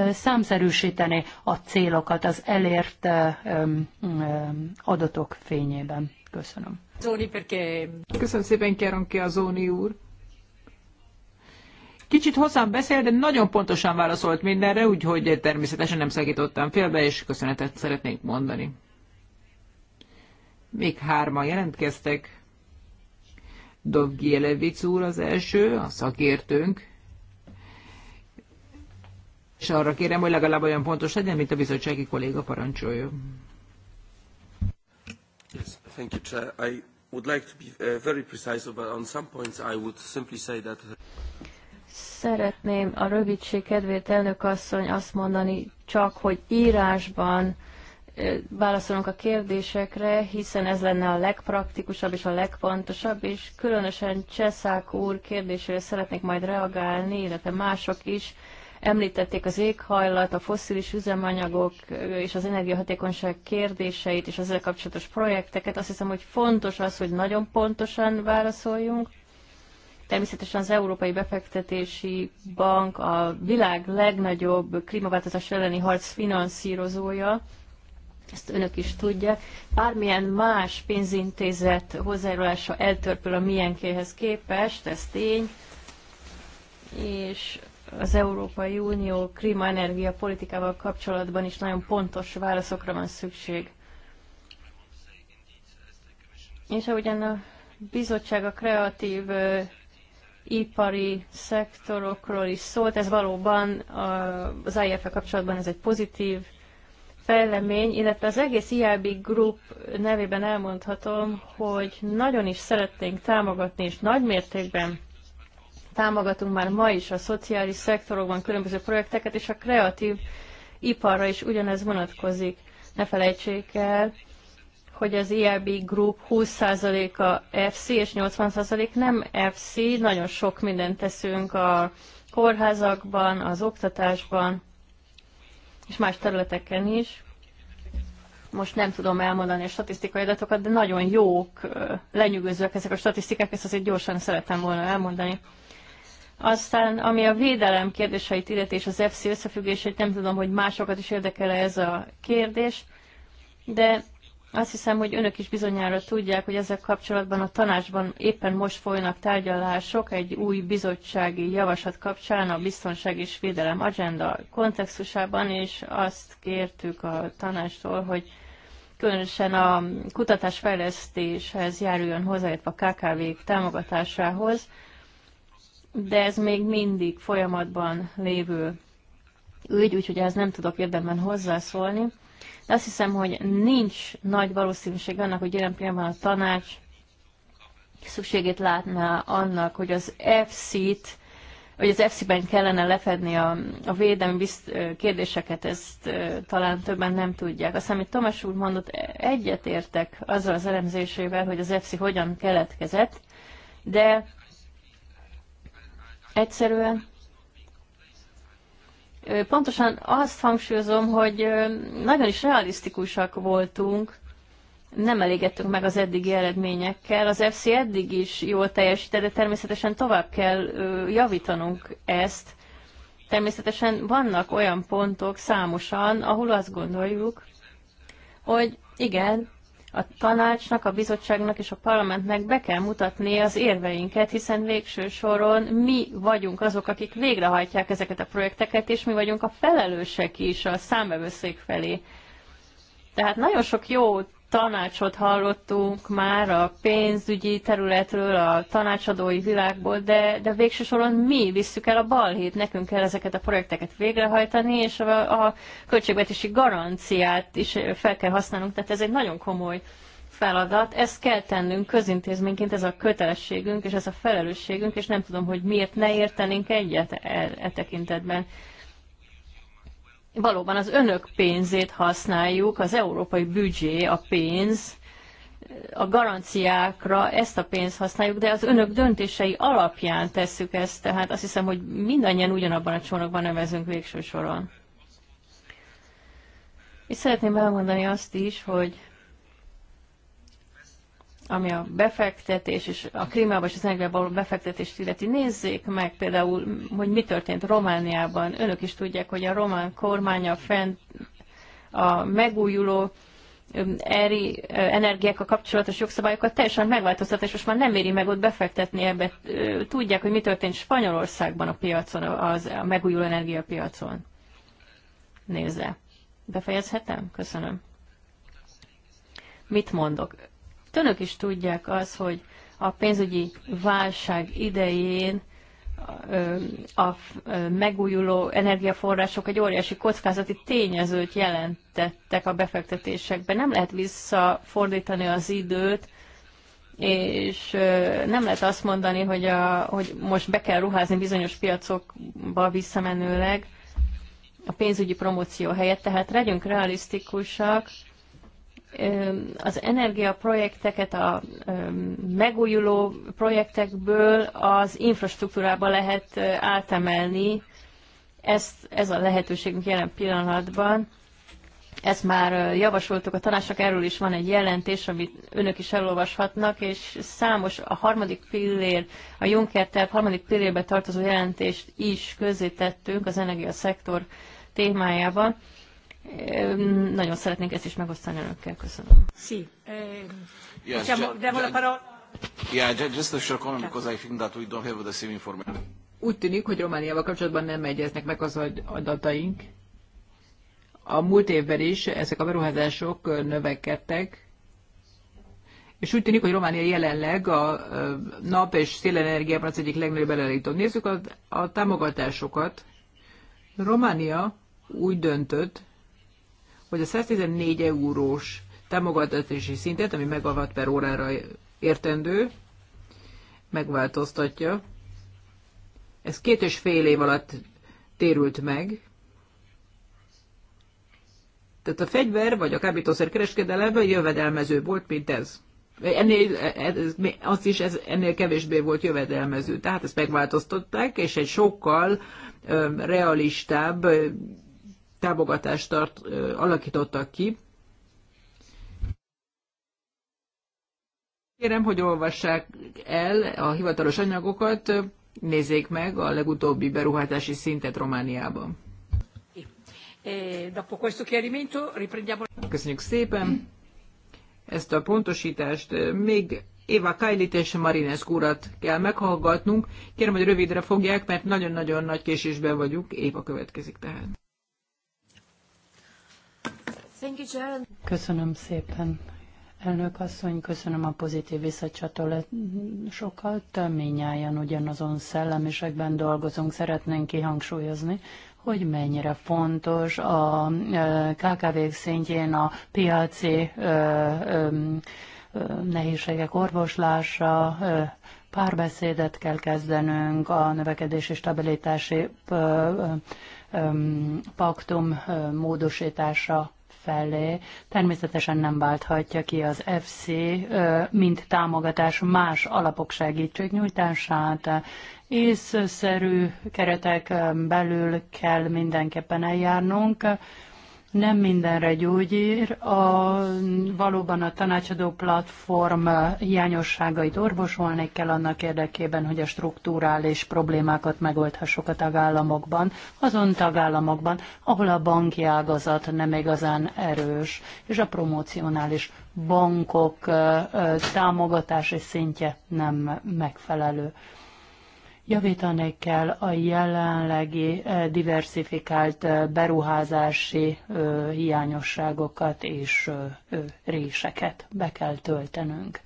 számszerűsíteni a célokat az elért adatok fényében. Köszönöm. Köszönöm szépen, kérünk ki a Zóni úr. Kicsit hosszan beszél, de nagyon pontosan válaszolt mindenre, úgyhogy természetesen nem szakítottam félbe, és köszönetet szeretnék mondani. Még hárma jelentkeztek. Dovgielevic úr az első, a szakértőnk. És arra kérem, hogy legalább olyan pontos legyen, mint a bizottsági kolléga parancsolja. Yes, thank you, Chair. I would like to be uh, very precise, but on some points I would simply say that... Szeretném a rövidség kedvéért elnök asszony azt mondani, csak hogy írásban válaszolunk a kérdésekre, hiszen ez lenne a legpraktikusabb és a legfontosabb, és különösen Cseszák úr kérdésére szeretnék majd reagálni, illetve mások is említették az éghajlat, a fosszilis üzemanyagok és az energiahatékonyság kérdéseit és ezzel kapcsolatos projekteket. Azt hiszem, hogy fontos az, hogy nagyon pontosan válaszoljunk. Természetesen az Európai Befektetési Bank a világ legnagyobb klímaváltozás elleni harc finanszírozója, ezt önök is tudják, bármilyen más pénzintézet hozzájárulása eltörpül a milyenkéhez képest, ez tény, és az Európai Unió klímaenergia politikával kapcsolatban is nagyon pontos válaszokra van szükség. És ahogyan a bizottság a kreatív ö, ipari szektorokról is szólt, ez valóban az IFE kapcsolatban ez egy pozitív fejlemény, illetve az egész IAB Group nevében elmondhatom, hogy nagyon is szeretnénk támogatni, és nagy mértékben támogatunk már ma is a szociális szektorokban különböző projekteket, és a kreatív iparra is ugyanez vonatkozik. Ne felejtsék el, hogy az IAB Group 20%-a FC és 80% nem FC, nagyon sok mindent teszünk a kórházakban, az oktatásban, és más területeken is. Most nem tudom elmondani a statisztikai adatokat, de nagyon jók, lenyűgözőek ezek a statisztikák, ezt azért gyorsan szerettem volna elmondani. Aztán, ami a védelem kérdéseit illeti és az FC összefüggését, nem tudom, hogy másokat is érdekel -e ez a kérdés, de azt hiszem, hogy önök is bizonyára tudják, hogy ezzel kapcsolatban a tanácsban éppen most folynak tárgyalások egy új bizottsági javaslat kapcsán a biztonság és védelem agenda kontextusában, és azt kértük a tanástól, hogy különösen a kutatásfejlesztéshez járuljon illetve a kkv támogatásához, de ez még mindig folyamatban lévő ügy, úgyhogy ez nem tudok érdemben hozzászólni. Azt hiszem, hogy nincs nagy valószínűség annak, hogy jelen pillanatban a tanács szükségét látná annak, hogy az FC-t hogy az fc ben kellene lefedni a, a védelmi bizt, kérdéseket, ezt e, talán többen nem tudják. Azt, amit Tomás úr mondott, e, egyetértek azzal az elemzésével, hogy az FC hogyan keletkezett, de egyszerűen Pontosan azt hangsúlyozom, hogy nagyon is realisztikusak voltunk, nem elégettünk meg az eddigi eredményekkel. Az FC eddig is jól teljesített, de természetesen tovább kell javítanunk ezt. Természetesen vannak olyan pontok számosan, ahol azt gondoljuk, hogy igen, a tanácsnak, a bizottságnak és a parlamentnek be kell mutatni az érveinket, hiszen végső soron mi vagyunk azok, akik végrehajtják ezeket a projekteket, és mi vagyunk a felelősek is a számbevőszék felé. Tehát nagyon sok jó tanácsot hallottunk már a pénzügyi területről, a tanácsadói világból, de, de végső soron mi visszük el a balhét, nekünk kell ezeket a projekteket végrehajtani, és a, a költségvetési garanciát is fel kell használnunk, tehát ez egy nagyon komoly feladat, ezt kell tennünk közintézményként, ez a kötelességünk és ez a felelősségünk, és nem tudom, hogy miért ne értenénk egyet e, e tekintetben valóban az önök pénzét használjuk, az európai büdzsé a pénz, a garanciákra ezt a pénzt használjuk, de az önök döntései alapján tesszük ezt, tehát azt hiszem, hogy mindannyian ugyanabban a csónakban nevezünk végső soron. És szeretném elmondani azt is, hogy ami a befektetés és a krímában és az energiába való befektetést illeti. Nézzék meg például, hogy mi történt Romániában. Önök is tudják, hogy a román kormánya fent a megújuló eri energiákkal kapcsolatos jogszabályokat teljesen megváltoztatni, és most már nem éri meg ott befektetni ebbe. Tudják, hogy mi történt Spanyolországban a piacon, az, a megújuló energiapiacon. Nézze. Befejezhetem? Köszönöm. Mit mondok? Önök is tudják az, hogy a pénzügyi válság idején a megújuló energiaforrások egy óriási kockázati tényezőt jelentettek a befektetésekben. Nem lehet visszafordítani az időt, és nem lehet azt mondani, hogy, a, hogy most be kell ruházni bizonyos piacokba visszamenőleg a pénzügyi promóció helyett, tehát legyünk realisztikusak, az energiaprojekteket a megújuló projektekből az infrastruktúrába lehet átemelni. Ezt, ez a lehetőségünk jelen pillanatban. Ezt már javasoltuk a tanácsnak, erről is van egy jelentés, amit önök is elolvashatnak, és számos a harmadik pillér, a Juncker terv harmadik pillérbe tartozó jelentést is közzétettünk az energiaszektor témájában. Nagyon szeretnénk ezt is megosztani önökkel. Köszönöm. Sí. Eh, just a don't have the same information. Úgy tűnik, hogy Romániával kapcsolatban nem egyeznek meg az adataink. A múlt évben is ezek a beruházások növekedtek, és úgy tűnik, hogy Románia jelenleg a nap és szélenergiában az egyik legnagyobb előállító. Nézzük a, a támogatásokat. Románia úgy döntött, hogy a 114 eurós támogatási szintet, ami megavat per órára értendő, megváltoztatja. Ez két és fél év alatt térült meg. Tehát a fegyver vagy a kábítószer kereskedelem jövedelmező volt, mint ez. Ennél, ez, az is ez, ennél kevésbé volt jövedelmező. Tehát ezt megváltoztatták, és egy sokkal ö, realistább támogatást tart, alakítottak ki. Kérem, hogy olvassák el a hivatalos anyagokat, nézzék meg a legutóbbi beruházási szintet Romániában. E, Köszönjük szépen ezt a pontosítást. Még Éva Kajlit és Marines urat kell meghallgatnunk. Kérem, hogy rövidre fogják, mert nagyon-nagyon nagy késésben vagyunk. Éva következik tehát. Köszönöm szépen. Elnök asszony, köszönöm a pozitív visszacsatolásokat. töményáján ugyanazon szellemisekben dolgozunk, szeretnénk kihangsúlyozni, hogy mennyire fontos a e, kkv szintjén a piaci e, e, nehézségek orvoslása, párbeszédet kell kezdenünk a növekedési stabilitási paktum módosítása felé természetesen nem válthatja ki az FC, mint támogatás más alapok segítségnyújtását, észszerű keretek belül kell mindenképpen eljárnunk nem mindenre gyógyír, a, valóban a tanácsadó platform hiányosságait orvosolni kell annak érdekében, hogy a struktúrális problémákat megoldhassuk a tagállamokban, azon tagállamokban, ahol a banki ágazat nem igazán erős, és a promocionális bankok támogatási szintje nem megfelelő. Javítani kell a jelenlegi eh, diversifikált eh, beruházási eh, hiányosságokat és réseket be kell töltenünk.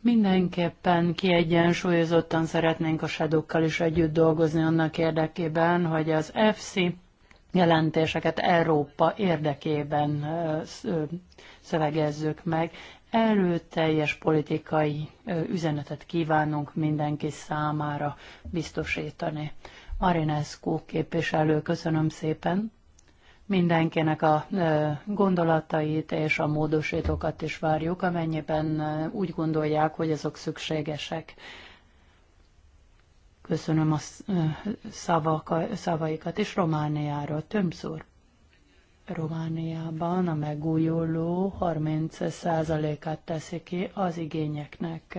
Mindenképpen kiegyensúlyozottan szeretnénk a sedokkal is együtt dolgozni annak érdekében, hogy az FC jelentéseket Európa érdekében szövegezzük meg, erőteljes politikai üzenetet kívánunk mindenki számára biztosítani. Marinescu képviselő, köszönöm szépen mindenkinek a gondolatait és a módosítókat is várjuk, amennyiben úgy gondolják, hogy azok szükségesek. Köszönöm a szavaikat, és Romániára többször. Romániában a megújuló 30%-át teszi ki az igényeknek.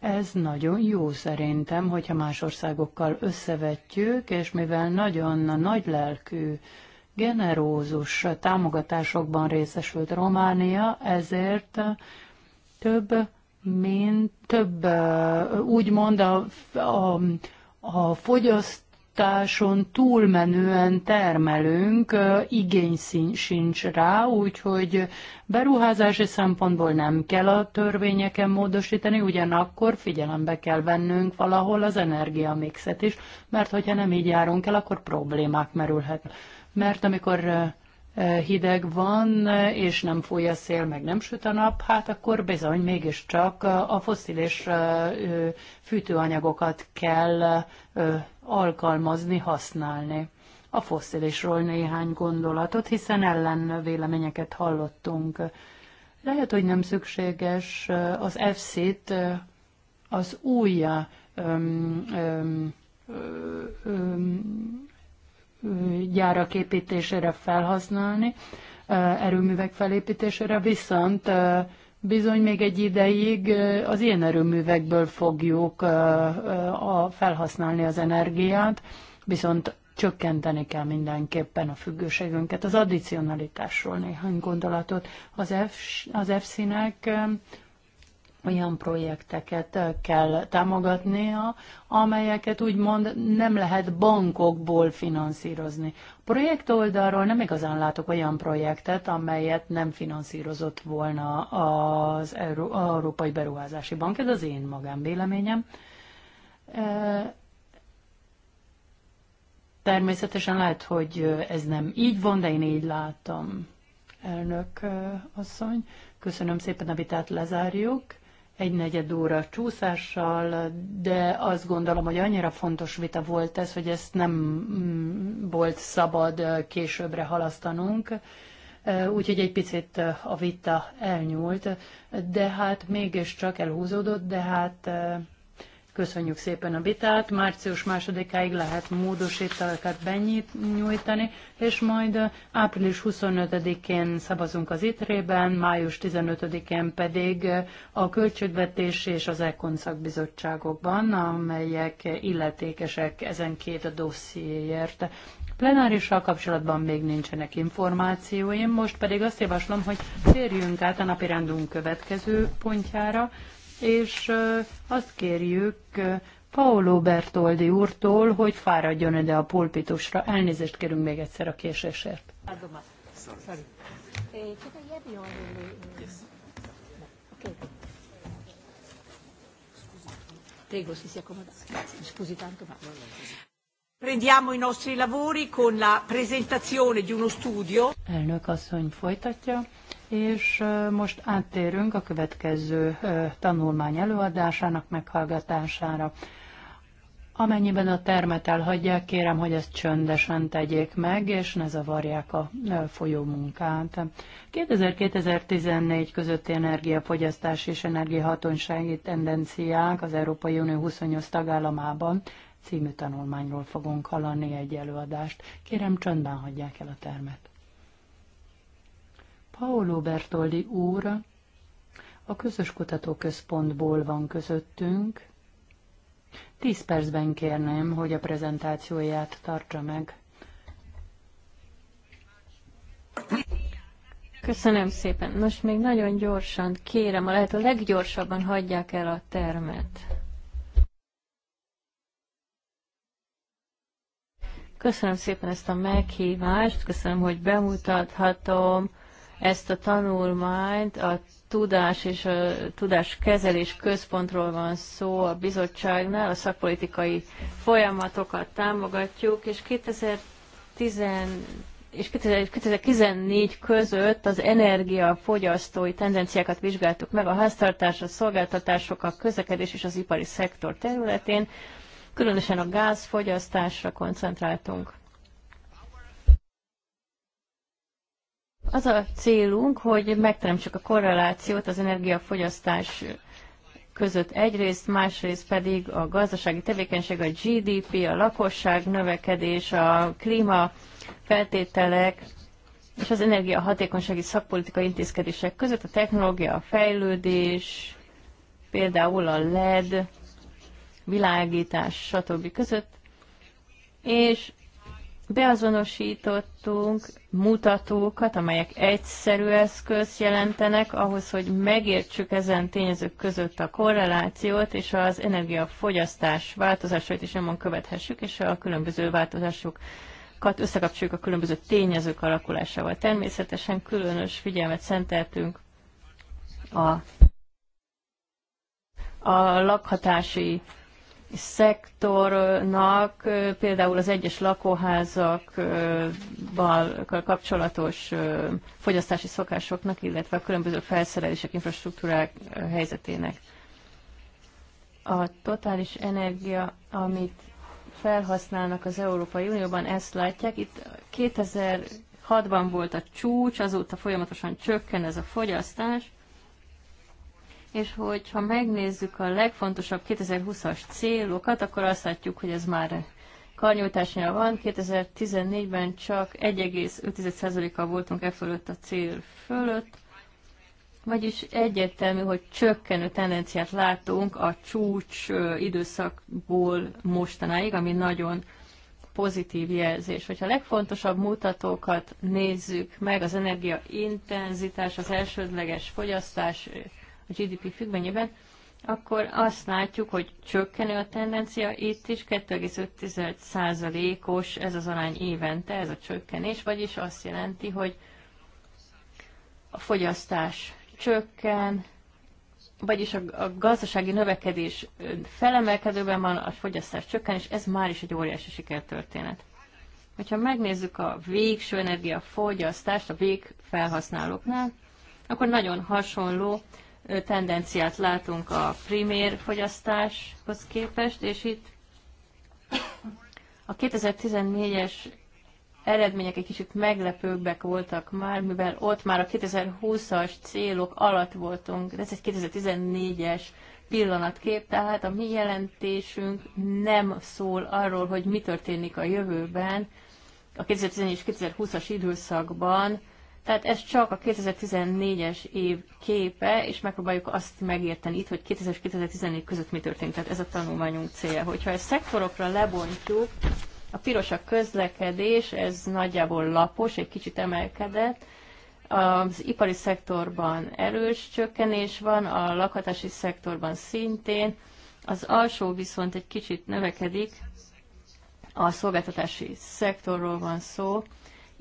Ez nagyon jó szerintem, hogyha más országokkal összevetjük, és mivel nagyon nagy lelkű, generózus támogatásokban részesült Románia, ezért több, mint több, úgymond a, a, a fogyaszt fogyasztáson túlmenően termelünk, igény sincs rá, úgyhogy beruházási szempontból nem kell a törvényeken módosítani, ugyanakkor figyelembe kell vennünk valahol az energiamixet is, mert hogyha nem így járunk el, akkor problémák merülhetnek. Mert amikor hideg van, és nem fúj a szél, meg nem süt a nap, hát akkor bizony mégiscsak a foszilis fűtőanyagokat kell alkalmazni, használni. A fosszilisról néhány gondolatot, hiszen ellen véleményeket hallottunk. Lehet, hogy nem szükséges az FC-t az új öm, öm, öm, gyárak építésére felhasználni, erőművek felépítésére, viszont bizony még egy ideig az ilyen erőművekből fogjuk felhasználni az energiát, viszont csökkenteni kell mindenképpen a függőségünket. Az addicionalitásról néhány gondolatot. Az, F, az olyan projekteket kell támogatnia, amelyeket úgymond nem lehet bankokból finanszírozni. A projekt oldalról nem igazán látok olyan projektet, amelyet nem finanszírozott volna az Európai Beruházási Bank. Ez az én magánvéleményem. Természetesen lehet, hogy ez nem így van, de én így láttam, elnök asszony. Köszönöm szépen a vitát, lezárjuk egy negyed óra csúszással, de azt gondolom, hogy annyira fontos vita volt ez, hogy ezt nem volt szabad későbbre halasztanunk. Úgyhogy egy picit a vita elnyúlt, de hát mégiscsak elhúzódott, de hát Köszönjük szépen a vitát. Március másodikáig lehet módosítalakat benyújtani, és majd április 25-én szavazunk az ITRE-ben, május 15-én pedig a költségvetés és az ECON szakbizottságokban, amelyek illetékesek ezen két dossziéért. Plenárissal kapcsolatban még nincsenek információim, most pedig azt javaslom, hogy térjünk át a napirendünk következő pontjára, és azt kérjük Paolo Bertoldi úrtól, hogy fáradjon ide a pulpitusra. Elnézést kérünk még egyszer a késésért. Prendiamo i nostri lavori con la presentazione di uno studio. Elnök asszony folytatja és most áttérünk a következő tanulmány előadásának meghallgatására. Amennyiben a termet elhagyják, kérem, hogy ezt csöndesen tegyék meg, és ne zavarják a folyó munkát. 2000-2014 közötti energiafogyasztás és energiahatonsági tendenciák az Európai Unió 28 tagállamában című tanulmányról fogunk hallani egy előadást. Kérem, csöndben hagyják el a termet. Paolo Bertoldi úr a Közös Kutatóközpontból van közöttünk. Tíz percben kérném, hogy a prezentációját tartsa meg. Köszönöm szépen. Most még nagyon gyorsan kérem, a lehető leggyorsabban hagyják el a termet. Köszönöm szépen ezt a meghívást, köszönöm, hogy bemutathatom ezt a tanulmányt a Tudás és a kezelés Központról van szó a bizottságnál, a szakpolitikai folyamatokat támogatjuk, és 2010 és 2014 között az energiafogyasztói tendenciákat vizsgáltuk meg a háztartás, a szolgáltatások, a közlekedés és az ipari szektor területén. Különösen a gázfogyasztásra koncentráltunk. Az a célunk, hogy megteremtsük a korrelációt az energiafogyasztás között egyrészt, másrészt pedig a gazdasági tevékenység, a GDP, a lakosság növekedés, a klíma feltételek és az energiahatékonysági szakpolitikai intézkedések között a technológia, a fejlődés, például a LED, világítás, stb. között, és Beazonosítottunk mutatókat, amelyek egyszerű eszköz jelentenek ahhoz, hogy megértsük ezen tényezők között a korrelációt, és az energiafogyasztás változásait is nyomon követhessük, és a különböző változások összekapcsoljuk a különböző tényezők alakulásával. Természetesen különös figyelmet szenteltünk a, a lakhatási szektornak, például az egyes lakóházakkal kapcsolatos fogyasztási szokásoknak, illetve a különböző felszerelések, infrastruktúrák helyzetének. A totális energia, amit felhasználnak az Európai Unióban, ezt látják. Itt 2006-ban volt a csúcs, azóta folyamatosan csökken ez a fogyasztás, és hogyha megnézzük a legfontosabb 2020-as célokat, akkor azt látjuk, hogy ez már karnyújtásnál van. 2014-ben csak 1,5%-kal voltunk e fölött a cél fölött, vagyis egyértelmű, hogy csökkenő tendenciát látunk a csúcs időszakból mostanáig, ami nagyon pozitív jelzés. Hogyha a legfontosabb mutatókat nézzük meg, az energia intenzitás, az elsődleges fogyasztás, a GDP függvényében, akkor azt látjuk, hogy csökkenő a tendencia itt is, 2,5%-os ez az arány évente, ez a csökkenés, vagyis azt jelenti, hogy a fogyasztás csökken, vagyis a, a gazdasági növekedés felemelkedőben van, a fogyasztás csökken, és ez már is egy óriási sikertörténet. Hogyha megnézzük a végső energiafogyasztást a végfelhasználóknál, akkor nagyon hasonló tendenciát látunk a primér fogyasztáshoz képest, és itt a 2014-es eredmények egy kicsit meglepőbbek voltak már, mivel ott már a 2020-as célok alatt voltunk, de ez egy 2014-es pillanatkép, tehát a mi jelentésünk nem szól arról, hogy mi történik a jövőben, a 2014 és 2020-as időszakban tehát ez csak a 2014-es év képe, és megpróbáljuk azt megérteni itt, hogy 2000 2014 között mi történt. Tehát ez a tanulmányunk célja. Hogyha ezt szektorokra lebontjuk, a piros a közlekedés, ez nagyjából lapos, egy kicsit emelkedett. Az ipari szektorban erős csökkenés van, a lakhatási szektorban szintén. Az alsó viszont egy kicsit növekedik, a szolgáltatási szektorról van szó,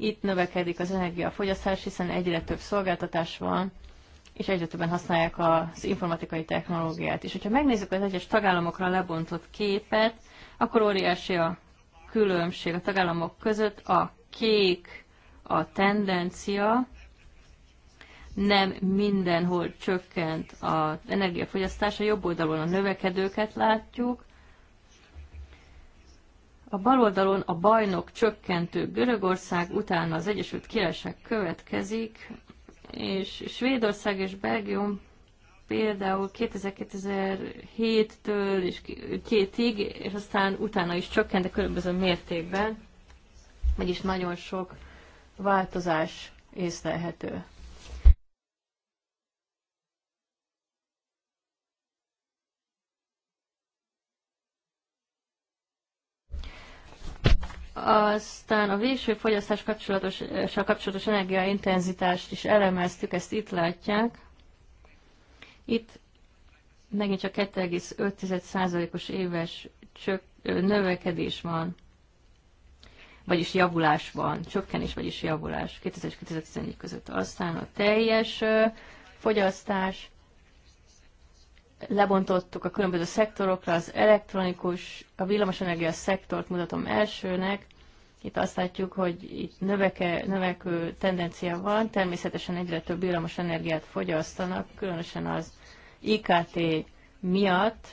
itt növekedik az energiafogyasztás, hiszen egyre több szolgáltatás van, és egyre többen használják az informatikai technológiát. És hogyha megnézzük az egyes tagállamokra lebontott képet, akkor óriási a különbség a tagállamok között. A kék a tendencia, nem mindenhol csökkent az energiafogyasztás, a jobb oldalon a növekedőket látjuk, a baloldalon a bajnok csökkentő Görögország, utána az Egyesült Királyság következik, és Svédország és Belgium például 2007-től és kétig, és aztán utána is csökkent, de különböző mértékben, vagyis nagyon sok változás észlelhető. Aztán a végső fogyasztás kapcsolatos, a kapcsolatos energiaintenzitást is elemeztük, ezt itt látják. Itt megint csak 2,5%-os éves csök, növekedés van, vagyis javulás van, csökkenés, vagyis javulás 2014 között. Aztán a teljes fogyasztás lebontottuk a különböző szektorokra, az elektronikus, a villamosenergia szektort mutatom elsőnek, itt azt látjuk, hogy itt növeke, növekvő tendencia van, természetesen egyre több villamos energiát fogyasztanak, különösen az IKT miatt,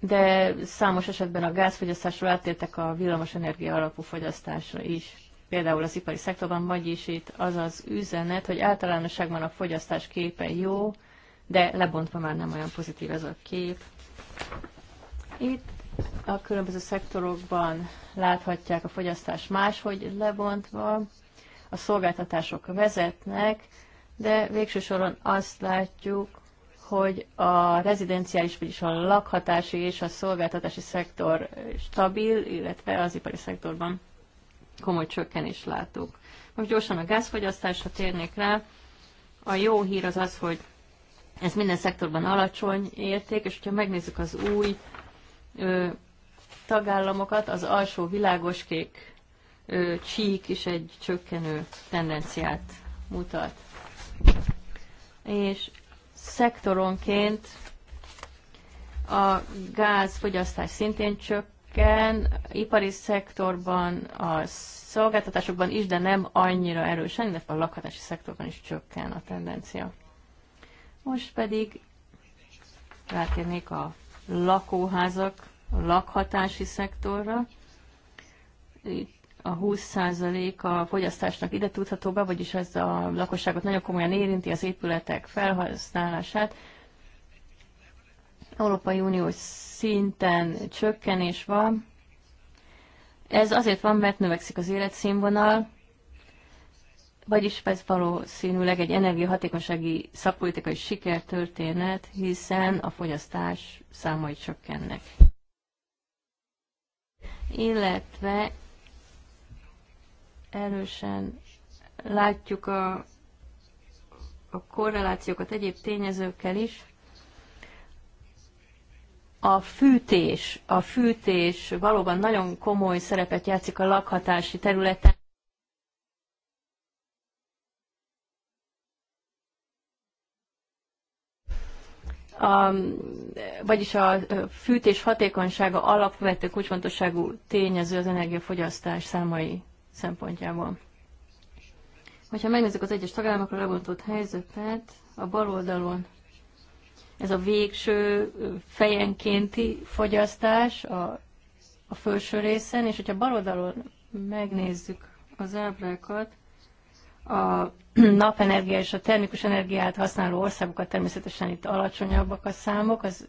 de számos esetben a gázfogyasztásról áttértek a villamosenergia alapú fogyasztásra is. Például az ipari szektorban, vagyis itt az az üzenet, hogy általánosságban a fogyasztás képe jó, de lebontva már nem olyan pozitív ez a kép. Itt a különböző szektorokban láthatják a fogyasztás máshogy lebontva, a szolgáltatások vezetnek, de végső soron azt látjuk, hogy a rezidenciális, vagyis a lakhatási és a szolgáltatási szektor stabil, illetve az ipari szektorban komoly csökkenést látunk. Most gyorsan a gázfogyasztásra térnék rá. A jó hír az az, hogy ez minden szektorban alacsony érték, és hogyha megnézzük az új ö, tagállamokat, az alsó világoskék ö, csík is egy csökkenő tendenciát mutat. És szektoronként a gázfogyasztás szintén csökken, ipari szektorban, a szolgáltatásokban is, de nem annyira erősen, illetve a lakhatási szektorban is csökken a tendencia. Most pedig rátérnék a lakóházak, a lakhatási szektorra. Itt a 20% a fogyasztásnak ide tudható be, vagyis ez a lakosságot nagyon komolyan érinti az épületek felhasználását. Európai Uniós szinten csökkenés van. Ez azért van, mert növekszik az életszínvonal, vagyis ez valószínűleg egy energiahatékonysági szakpolitikai sikertörténet, hiszen a fogyasztás számai csökkennek. Illetve erősen látjuk a, a korrelációkat egyéb tényezőkkel is. A fűtés, a fűtés valóban nagyon komoly szerepet játszik a lakhatási területen a, vagyis a fűtés hatékonysága alapvető kulcsfontosságú tényező az energiafogyasztás számai szempontjából. Hogyha megnézzük az egyes tagállamokra lebontott helyzetet, a bal oldalon ez a végső fejenkénti fogyasztás a, a felső részen, és hogyha bal oldalon megnézzük az ábrákat, a napenergia és a termikus energiát használó országokat természetesen itt alacsonyabbak a számok, az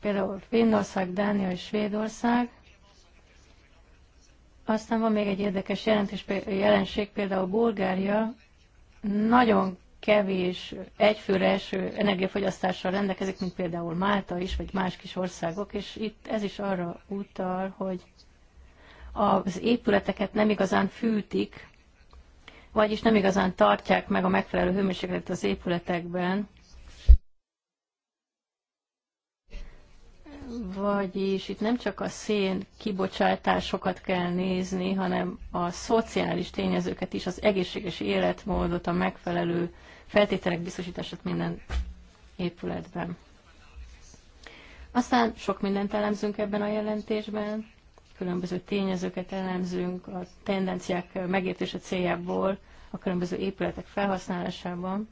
például Finnország, Dánia és Svédország. Aztán van még egy érdekes jelentés, jelenség, például Bulgária nagyon kevés egyfőre eső energiafogyasztással rendelkezik, mint például Málta is, vagy más kis országok, és itt ez is arra utal, hogy az épületeket nem igazán fűtik, vagyis nem igazán tartják meg a megfelelő hőmérsékletet az épületekben, vagyis itt nem csak a szén kibocsátásokat kell nézni, hanem a szociális tényezőket is, az egészséges életmódot, a megfelelő feltételek biztosítását minden épületben. Aztán sok mindent elemzünk ebben a jelentésben, különböző tényezőket elemzünk a tendenciák megértése céljából a különböző épületek felhasználásában.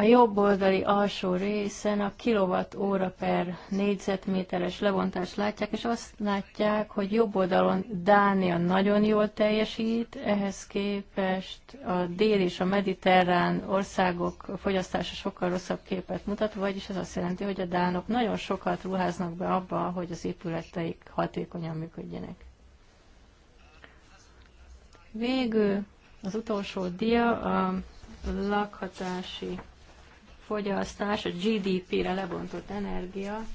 A jobb oldali alsó részen a kilowatt óra per négyzetméteres lebontást látják, és azt látják, hogy jobb oldalon Dánia nagyon jól teljesít, ehhez képest a dél és a mediterrán országok fogyasztása sokkal rosszabb képet mutat, vagyis ez azt jelenti, hogy a dánok nagyon sokat ruháznak be abba, hogy az épületeik hatékonyan működjenek. Végül az utolsó dia a lakhatási fogyasztás, a GDP-re lebontott energia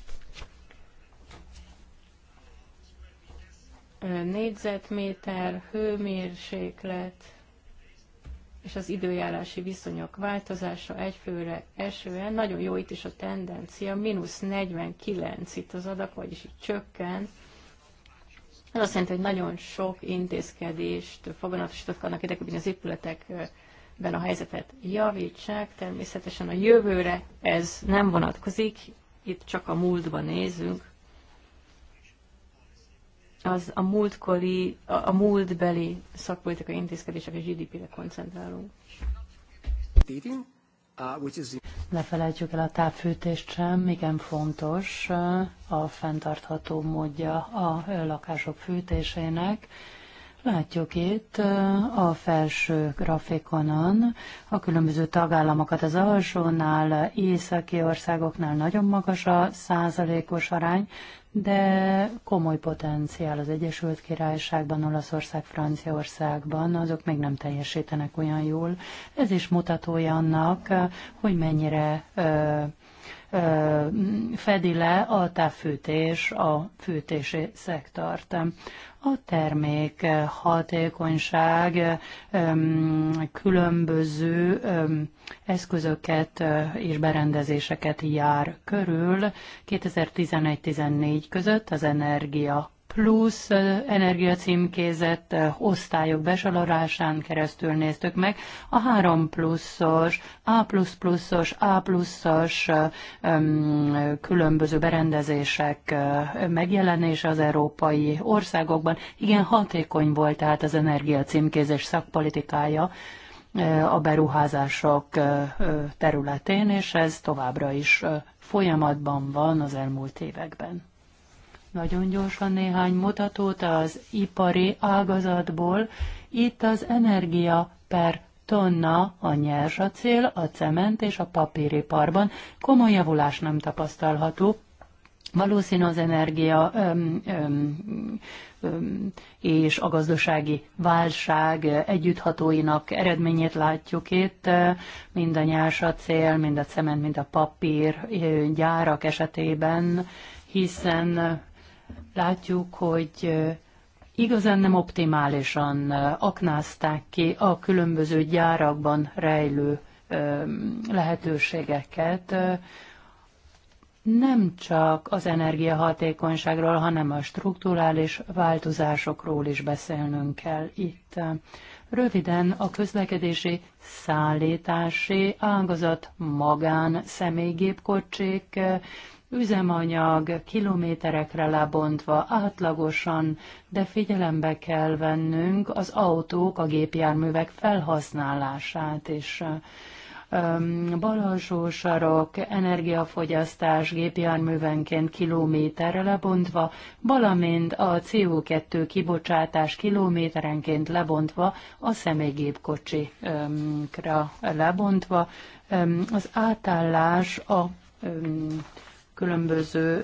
négyzetméter, hőmérséklet és az időjárási viszonyok változása egyfőre esően. Nagyon jó itt is a tendencia, mínusz 49 itt az adag, vagyis itt csökken. Ez azt jelenti, hogy nagyon sok intézkedést foganatosítottak annak érdekében, hogy az épületek ben a helyzetet javítsák. Természetesen a jövőre ez nem vonatkozik, itt csak a múltba nézünk. Az a múltkori, a, a múltbeli szakpolitikai intézkedések és GDP-re koncentrálunk. Ne felejtsük el a távfűtést sem, igen fontos a fenntartható módja a lakások fűtésének Látjuk itt a felső grafikonon a különböző tagállamokat. Az alsónál, északi országoknál nagyon magas a százalékos arány, de komoly potenciál az Egyesült Királyságban, Olaszország, Franciaországban, azok még nem teljesítenek olyan jól. Ez is mutatója annak, hogy mennyire ö, ö, fedi le a távfűtés, a fűtési szektort a termék hatékonyság különböző eszközöket és berendezéseket jár körül. 2011-14 között az energia plusz energiacímkézett osztályok besorolásán keresztül néztük meg a 3 pluszos, A plusz pluszos, A pluszos különböző berendezések megjelenése az európai országokban. Igen, hatékony volt tehát az energiacímkézés szakpolitikája a beruházások területén, és ez továbbra is folyamatban van az elmúlt években. Nagyon gyorsan néhány mutatót az ipari ágazatból. Itt az energia per tonna a nyers a cél, a cement és a papíriparban komoly javulás nem tapasztalható. Valószínű az energia öm, öm, öm, és a gazdasági válság együtthatóinak eredményét látjuk itt, mind a nyársacél, mind a cement, mind a papír gyárak esetében, hiszen látjuk, hogy igazán nem optimálisan aknázták ki a különböző gyárakban rejlő lehetőségeket, nem csak az energiahatékonyságról, hanem a strukturális változásokról is beszélnünk kell itt. Röviden a közlekedési szállítási ágazat magán személygépkocsik üzemanyag kilométerekre lebontva átlagosan, de figyelembe kell vennünk az autók, a gépjárművek felhasználását is. Balazsósarok, energiafogyasztás gépjárművenként kilométerre lebontva, valamint a CO2 kibocsátás kilométerenként lebontva, a személygépkocsikra lebontva. Az átállás a különböző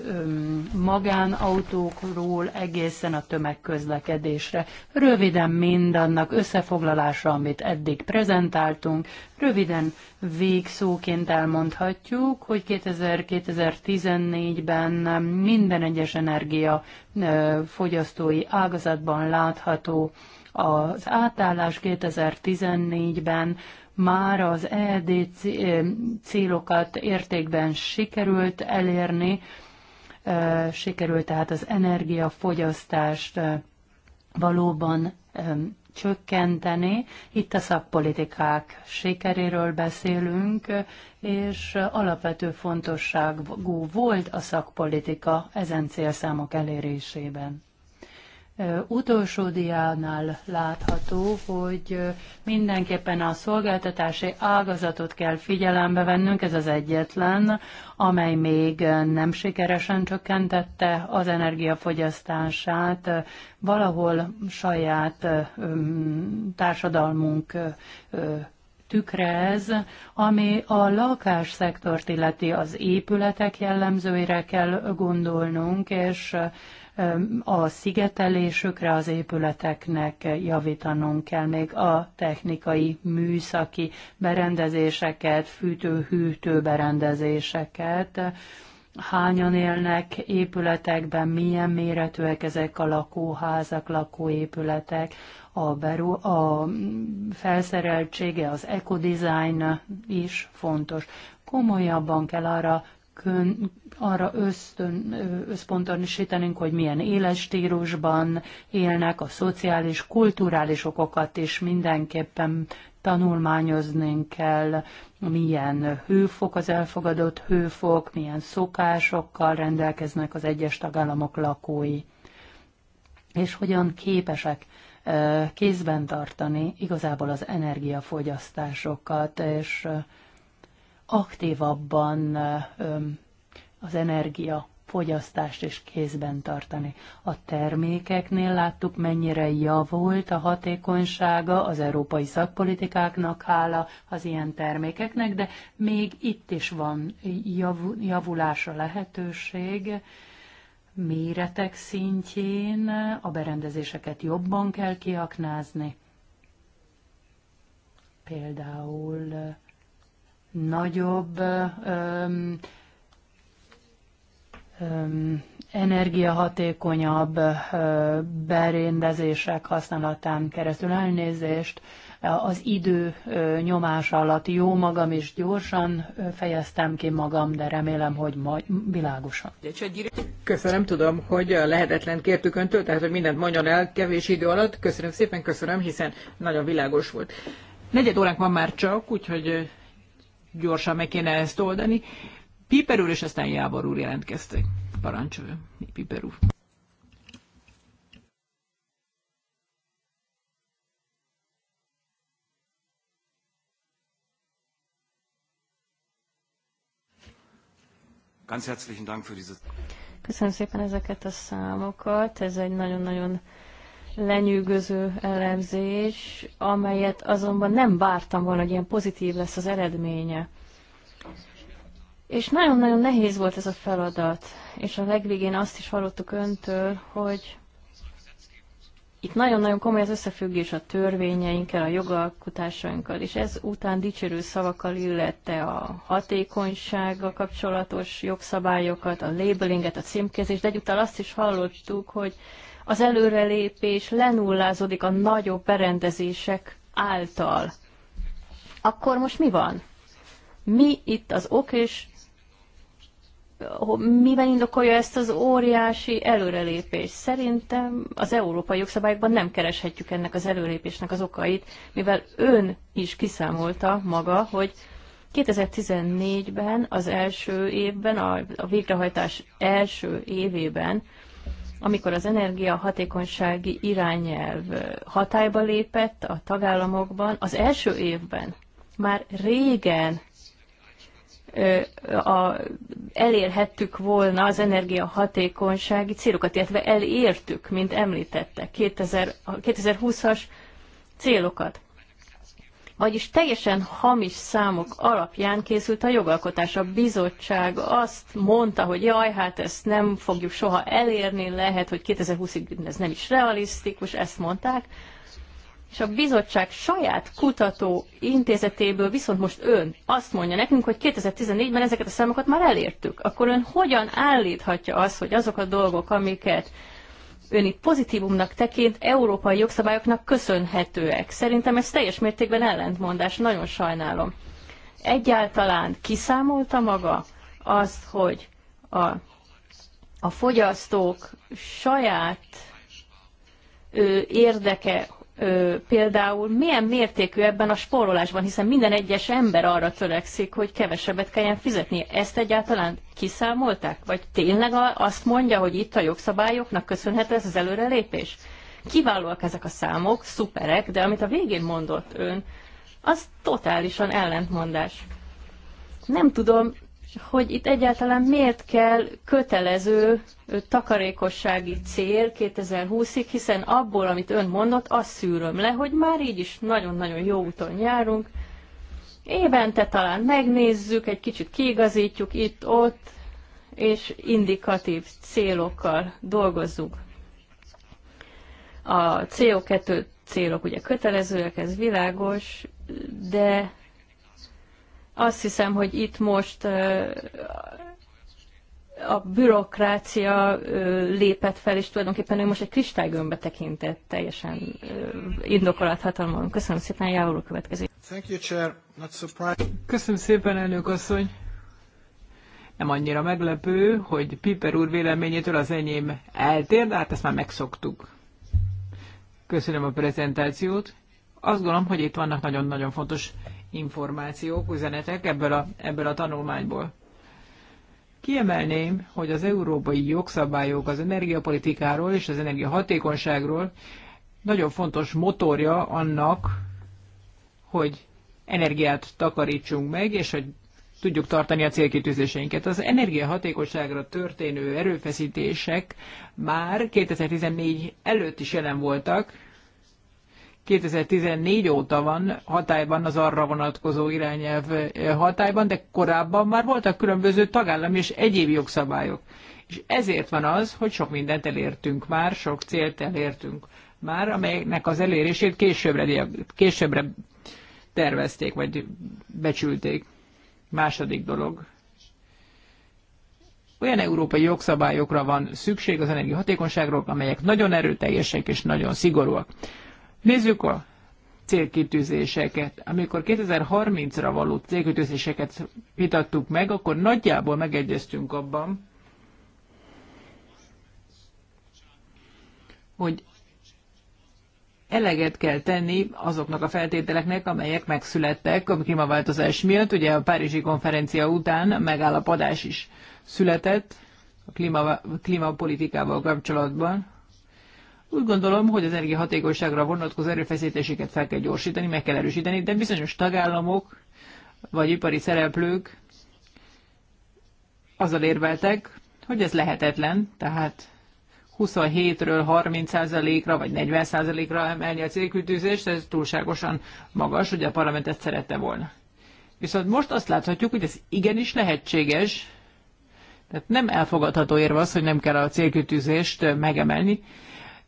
magánautókról egészen a tömegközlekedésre. Röviden mindannak összefoglalásra, amit eddig prezentáltunk, röviden végszóként elmondhatjuk, hogy 2014-ben minden egyes energia fogyasztói ágazatban látható az átállás 2014-ben már az ED célokat értékben sikerült elérni, sikerült tehát az energiafogyasztást valóban csökkenteni. Itt a szakpolitikák sikeréről beszélünk, és alapvető fontosságú volt a szakpolitika ezen célszámok elérésében utolsó diánál látható, hogy mindenképpen a szolgáltatási ágazatot kell figyelembe vennünk, ez az egyetlen, amely még nem sikeresen csökkentette az energiafogyasztását, valahol saját társadalmunk tükrez, ami a lakásszektort illeti az épületek jellemzőire kell gondolnunk, és a szigetelésükre az épületeknek javítanunk kell még a technikai műszaki berendezéseket, fűtő-hűtő berendezéseket, hányan élnek épületekben, milyen méretűek ezek a lakóházak, lakóépületek, a, beru, a felszereltsége, az ekodizájn is fontos. Komolyabban kell arra kön, arra ösztön, összpontosítanunk, hogy milyen éles stílusban élnek, a szociális, kulturális okokat is mindenképpen tanulmányoznunk kell, milyen hőfok az elfogadott hőfok, milyen szokásokkal rendelkeznek az egyes tagállamok lakói, és hogyan képesek kézben tartani igazából az energiafogyasztásokat, és aktívabban az energia fogyasztást is kézben tartani. A termékeknél láttuk, mennyire javult a hatékonysága az európai szakpolitikáknak hála az ilyen termékeknek, de még itt is van javulásra lehetőség méretek szintjén a berendezéseket jobban kell kiaknázni. Például nagyobb öm, energiahatékonyabb berendezések használatán keresztül elnézést, az idő nyomás alatt jó magam is gyorsan fejeztem ki magam, de remélem, hogy majd világosan. Köszönöm, tudom, hogy lehetetlen kértük öntől, tehát hogy mindent mondjon el kevés idő alatt. Köszönöm szépen, köszönöm, hiszen nagyon világos volt. Negyed óránk van már csak, úgyhogy gyorsan meg kéne ezt oldani. Piper úr, és aztán Jábor úr jelentkeztek. Parancsolja, Piper úr. Köszönöm szépen ezeket a számokat. Ez egy nagyon-nagyon lenyűgöző elemzés, amelyet azonban nem vártam volna, hogy ilyen pozitív lesz az eredménye. És nagyon-nagyon nehéz volt ez a feladat, és a legvégén azt is hallottuk öntől, hogy itt nagyon-nagyon komoly az összefüggés a törvényeinkkel, a jogalkotásainkkal, és ez után dicsérő szavakkal illette a hatékonysággal kapcsolatos jogszabályokat, a labelinget, a címkézést, de egyúttal azt is hallottuk, hogy az előrelépés lenullázódik a nagyobb berendezések által. Akkor most mi van? Mi itt az ok és miben indokolja ezt az óriási előrelépést? Szerintem az európai jogszabályokban nem kereshetjük ennek az előrelépésnek az okait, mivel ön is kiszámolta maga, hogy 2014-ben, az első évben, a, a végrehajtás első évében, amikor az energiahatékonysági irányelv hatályba lépett a tagállamokban, az első évben már régen a, elérhettük volna az energiahatékonysági célokat, illetve elértük, mint említettek, 2020-as célokat. Vagyis teljesen hamis számok alapján készült a jogalkotás. A bizottság azt mondta, hogy jaj, hát ezt nem fogjuk soha elérni, lehet, hogy 2020-ig ez nem is realisztikus, ezt mondták és a bizottság saját kutató intézetéből viszont most ön azt mondja nekünk, hogy 2014-ben ezeket a számokat már elértük. Akkor ön hogyan állíthatja azt, hogy azok a dolgok, amiket ön itt pozitívumnak tekint, európai jogszabályoknak köszönhetőek. Szerintem ez teljes mértékben ellentmondás, nagyon sajnálom. Egyáltalán kiszámolta maga azt, hogy a, a fogyasztók saját ő, érdeke, ö, például milyen mértékű ebben a spórolásban, hiszen minden egyes ember arra törekszik, hogy kevesebbet kelljen fizetni. Ezt egyáltalán kiszámolták? Vagy tényleg azt mondja, hogy itt a jogszabályoknak köszönhető ez az előrelépés? Kiválóak ezek a számok, szuperek, de amit a végén mondott ön, az totálisan ellentmondás. Nem tudom, hogy itt egyáltalán miért kell kötelező takarékossági cél 2020-ig, hiszen abból, amit ön mondott, azt szűröm le, hogy már így is nagyon-nagyon jó úton járunk. Évente talán megnézzük, egy kicsit kiigazítjuk itt-ott, és indikatív célokkal dolgozzuk. A CO2 célok ugye kötelezőek, ez világos, de azt hiszem, hogy itt most a bürokrácia lépett fel, és tulajdonképpen ő most egy kristálygömbbe tekintett, teljesen indokolathatalmon. Köszönöm szépen, Jávor úr következik. Köszönöm szépen, elnök asszony. Nem annyira meglepő, hogy Piper úr véleményétől az enyém eltér, de hát ezt már megszoktuk. Köszönöm a prezentációt. Azt gondolom, hogy itt vannak nagyon-nagyon fontos információk, üzenetek ebből a, ebből a tanulmányból. Kiemelném, hogy az európai jogszabályok az energiapolitikáról és az energiahatékonyságról nagyon fontos motorja annak, hogy energiát takarítsunk meg, és hogy tudjuk tartani a célkitűzéseinket. Az energiahatékonyságra történő erőfeszítések már 2014 előtt is jelen voltak, 2014 óta van hatályban az arra vonatkozó irányelv hatályban, de korábban már voltak különböző tagállami és egyéb jogszabályok. És ezért van az, hogy sok mindent elértünk már, sok célt elértünk már, amelynek az elérését későbbre, későbbre tervezték, vagy becsülték. Második dolog. Olyan európai jogszabályokra van szükség az energiahatékonyságról, amelyek nagyon erőteljesek és nagyon szigorúak. Nézzük a célkitűzéseket. Amikor 2030-ra való célkitűzéseket vitattuk meg, akkor nagyjából megegyeztünk abban, hogy eleget kell tenni azoknak a feltételeknek, amelyek megszülettek a klímaváltozás miatt. Ugye a Párizsi konferencia után megállapodás is született a klíma, klímapolitikával kapcsolatban. Úgy gondolom, hogy az energiahatékonyságra vonatkozó erőfeszítéseket fel kell gyorsítani, meg kell erősíteni, de bizonyos tagállamok vagy ipari szereplők azzal érveltek, hogy ez lehetetlen, tehát 27-ről 30%-ra vagy 40%-ra emelni a célkütőzést, ez túlságosan magas, hogy a parlament ezt szerette volna. Viszont most azt láthatjuk, hogy ez igenis lehetséges, tehát nem elfogadható érve az, hogy nem kell a célkütőzést megemelni,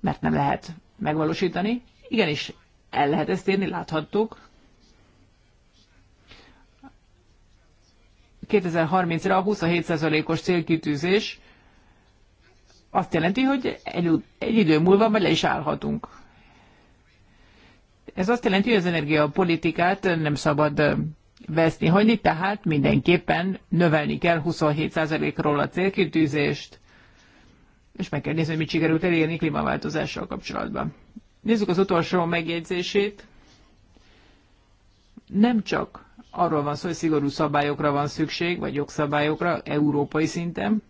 mert nem lehet megvalósítani. Igenis, el lehet ezt érni, láthattuk. 2030-ra a 27%-os célkitűzés azt jelenti, hogy egy, egy idő múlva majd le is állhatunk. Ez azt jelenti, hogy az energiapolitikát nem szabad veszni hagyni, tehát mindenképpen növelni kell 27%-ról a célkitűzést, és meg kell nézni, hogy mit sikerült elérni klímaváltozással kapcsolatban. Nézzük az utolsó megjegyzését. Nem csak arról van szó, hogy szigorú szabályokra van szükség, vagy jogszabályokra európai szinten,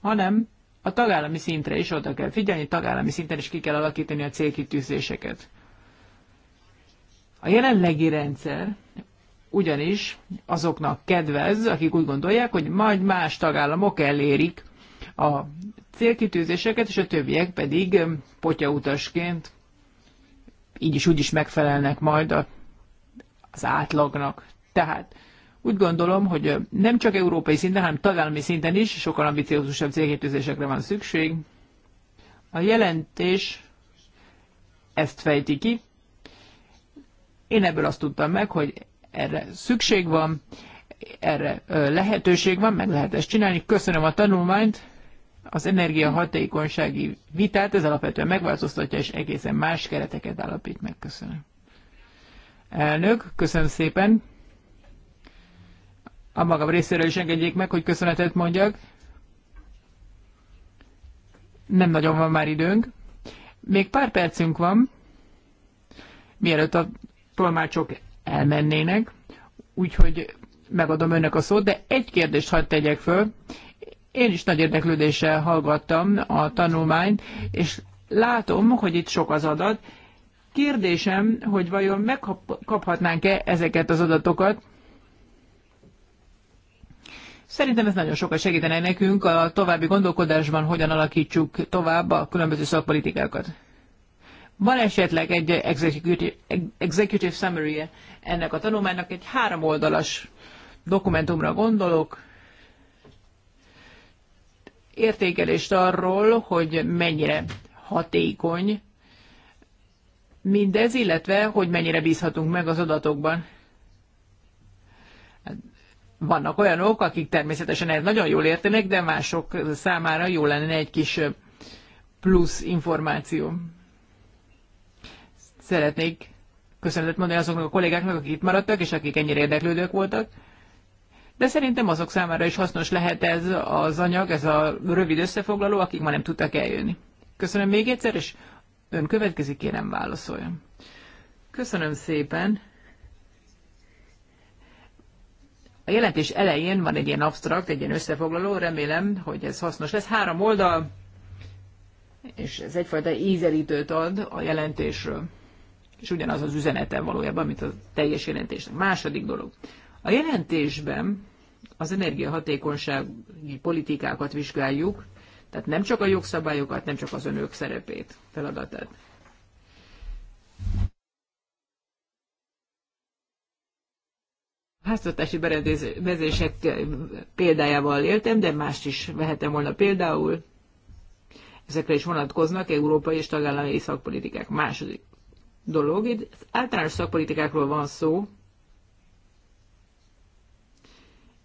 hanem a tagállami szintre is oda kell figyelni, tagállami szinten is ki kell alakítani a célkitűzéseket. A jelenlegi rendszer ugyanis azoknak kedvez, akik úgy gondolják, hogy majd más tagállamok elérik a célkitűzéseket, és a többiek pedig potyautasként így is úgy is megfelelnek majd a, az átlagnak. Tehát úgy gondolom, hogy nem csak európai szinten, hanem tagállami szinten is sokkal ambiciózusabb célkitűzésekre van szükség. A jelentés ezt fejti ki. Én ebből azt tudtam meg, hogy erre szükség van, erre lehetőség van, meg lehet ezt csinálni. Köszönöm a tanulmányt, az energiahatékonysági vitát, ez alapvetően megváltoztatja, és egészen más kereteket állapít meg. Köszönöm. Elnök, köszönöm szépen. A magam részéről is engedjék meg, hogy köszönetet mondjak. Nem nagyon van már időnk. Még pár percünk van, mielőtt a tolmácsok elmennének, úgyhogy megadom önnek a szót, de egy kérdést hadd tegyek föl. Én is nagy érdeklődéssel hallgattam a tanulmányt, és látom, hogy itt sok az adat. Kérdésem, hogy vajon megkaphatnánk-e ezeket az adatokat, Szerintem ez nagyon sokat segítene nekünk a további gondolkodásban, hogyan alakítsuk tovább a különböző szakpolitikákat. Van esetleg egy executive, executive summary -e ennek a tanulmánynak, egy három oldalas dokumentumra gondolok, értékelést arról, hogy mennyire hatékony mindez, illetve hogy mennyire bízhatunk meg az adatokban. Vannak olyanok, akik természetesen ezt nagyon jól értenek, de mások számára jó lenne egy kis plusz információ. Szeretnék köszönetet mondani azoknak a kollégáknak, akik itt maradtak, és akik ennyire érdeklődők voltak de szerintem azok számára is hasznos lehet ez az anyag, ez a rövid összefoglaló, akik ma nem tudtak eljönni. Köszönöm még egyszer, és ön következik, kérem válaszoljon. Köszönöm szépen. A jelentés elején van egy ilyen absztrakt, egy ilyen összefoglaló, remélem, hogy ez hasznos lesz. Három oldal, és ez egyfajta ízelítőt ad a jelentésről. És ugyanaz az üzenete valójában, mint a teljes jelentésnek második dolog. A jelentésben az energiahatékonysági politikákat vizsgáljuk, tehát nem csak a jogszabályokat, nem csak az önök szerepét, feladatát. háztartási berendezések példájával éltem, de mást is vehetem volna például. Ezekre is vonatkoznak európai és tagállami szakpolitikák. Második dolog, itt általános szakpolitikákról van szó,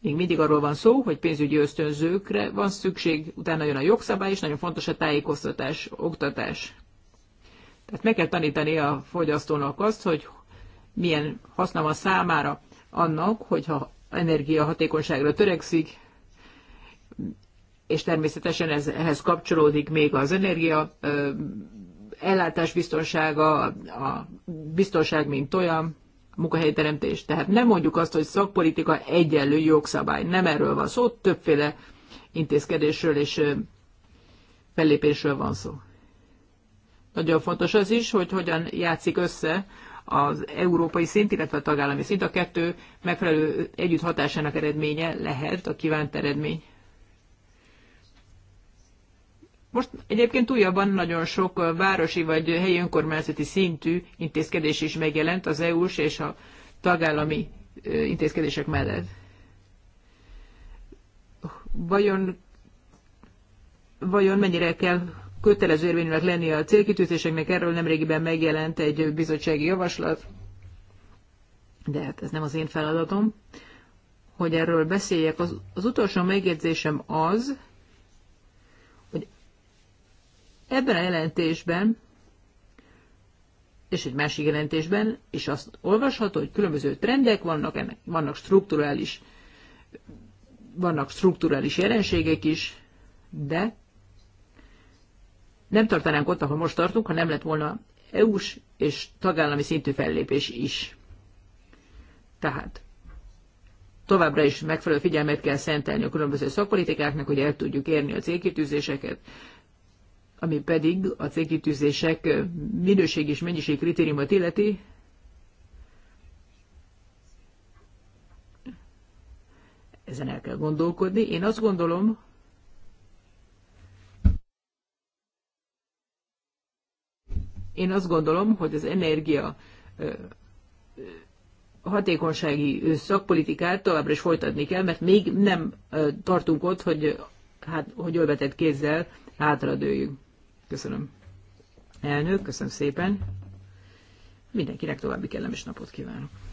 Még mindig arról van szó, hogy pénzügyi ösztönzőkre van szükség, utána jön a jogszabály, és nagyon fontos a tájékoztatás, oktatás. Tehát meg kell tanítani a fogyasztónak azt, hogy milyen haszna van számára annak, hogyha energiahatékonyságra törekszik, és természetesen ez, ehhez kapcsolódik még az energia ö, ellátás biztonsága, a biztonság mint olyan, munkahelyteremtés. Tehát nem mondjuk azt, hogy szakpolitika egyenlő jogszabály. Nem erről van szó, többféle intézkedésről és fellépésről van szó. Nagyon fontos az is, hogy hogyan játszik össze az európai szint, illetve a tagállami szint. A kettő megfelelő együtt hatásának eredménye lehet a kívánt eredmény. Most egyébként újabban nagyon sok városi vagy helyi önkormányzati szintű intézkedés is megjelent az EU-s és a tagállami intézkedések mellett. Vajon, vajon mennyire kell kötelező érvényűnek lenni a célkitűzéseknek, erről nemrégiben megjelent egy bizottsági javaslat, de hát ez nem az én feladatom, hogy erről beszéljek. Az, az utolsó megjegyzésem az, Ebben a jelentésben és egy másik jelentésben is azt olvasható, hogy különböző trendek vannak, ennek, vannak strukturális vannak strukturális jelenségek is, de nem tartanánk ott, ahol most tartunk, ha nem lett volna EU-s és tagállami szintű fellépés is. Tehát továbbra is megfelelő figyelmet kell szentelni a különböző szakpolitikáknak, hogy el tudjuk érni a célkitűzéseket, ami pedig a cégkitűzések minőség és mennyiség kritériumot illeti, ezen el kell gondolkodni. Én azt gondolom, én azt gondolom, hogy az energia hatékonysági szakpolitikát továbbra is folytatni kell, mert még nem tartunk ott, hogy, hát, hogy ölvetett kézzel hátradőjünk. Köszönöm. Elnök, köszönöm szépen. Mindenkinek további kellemes napot kívánok.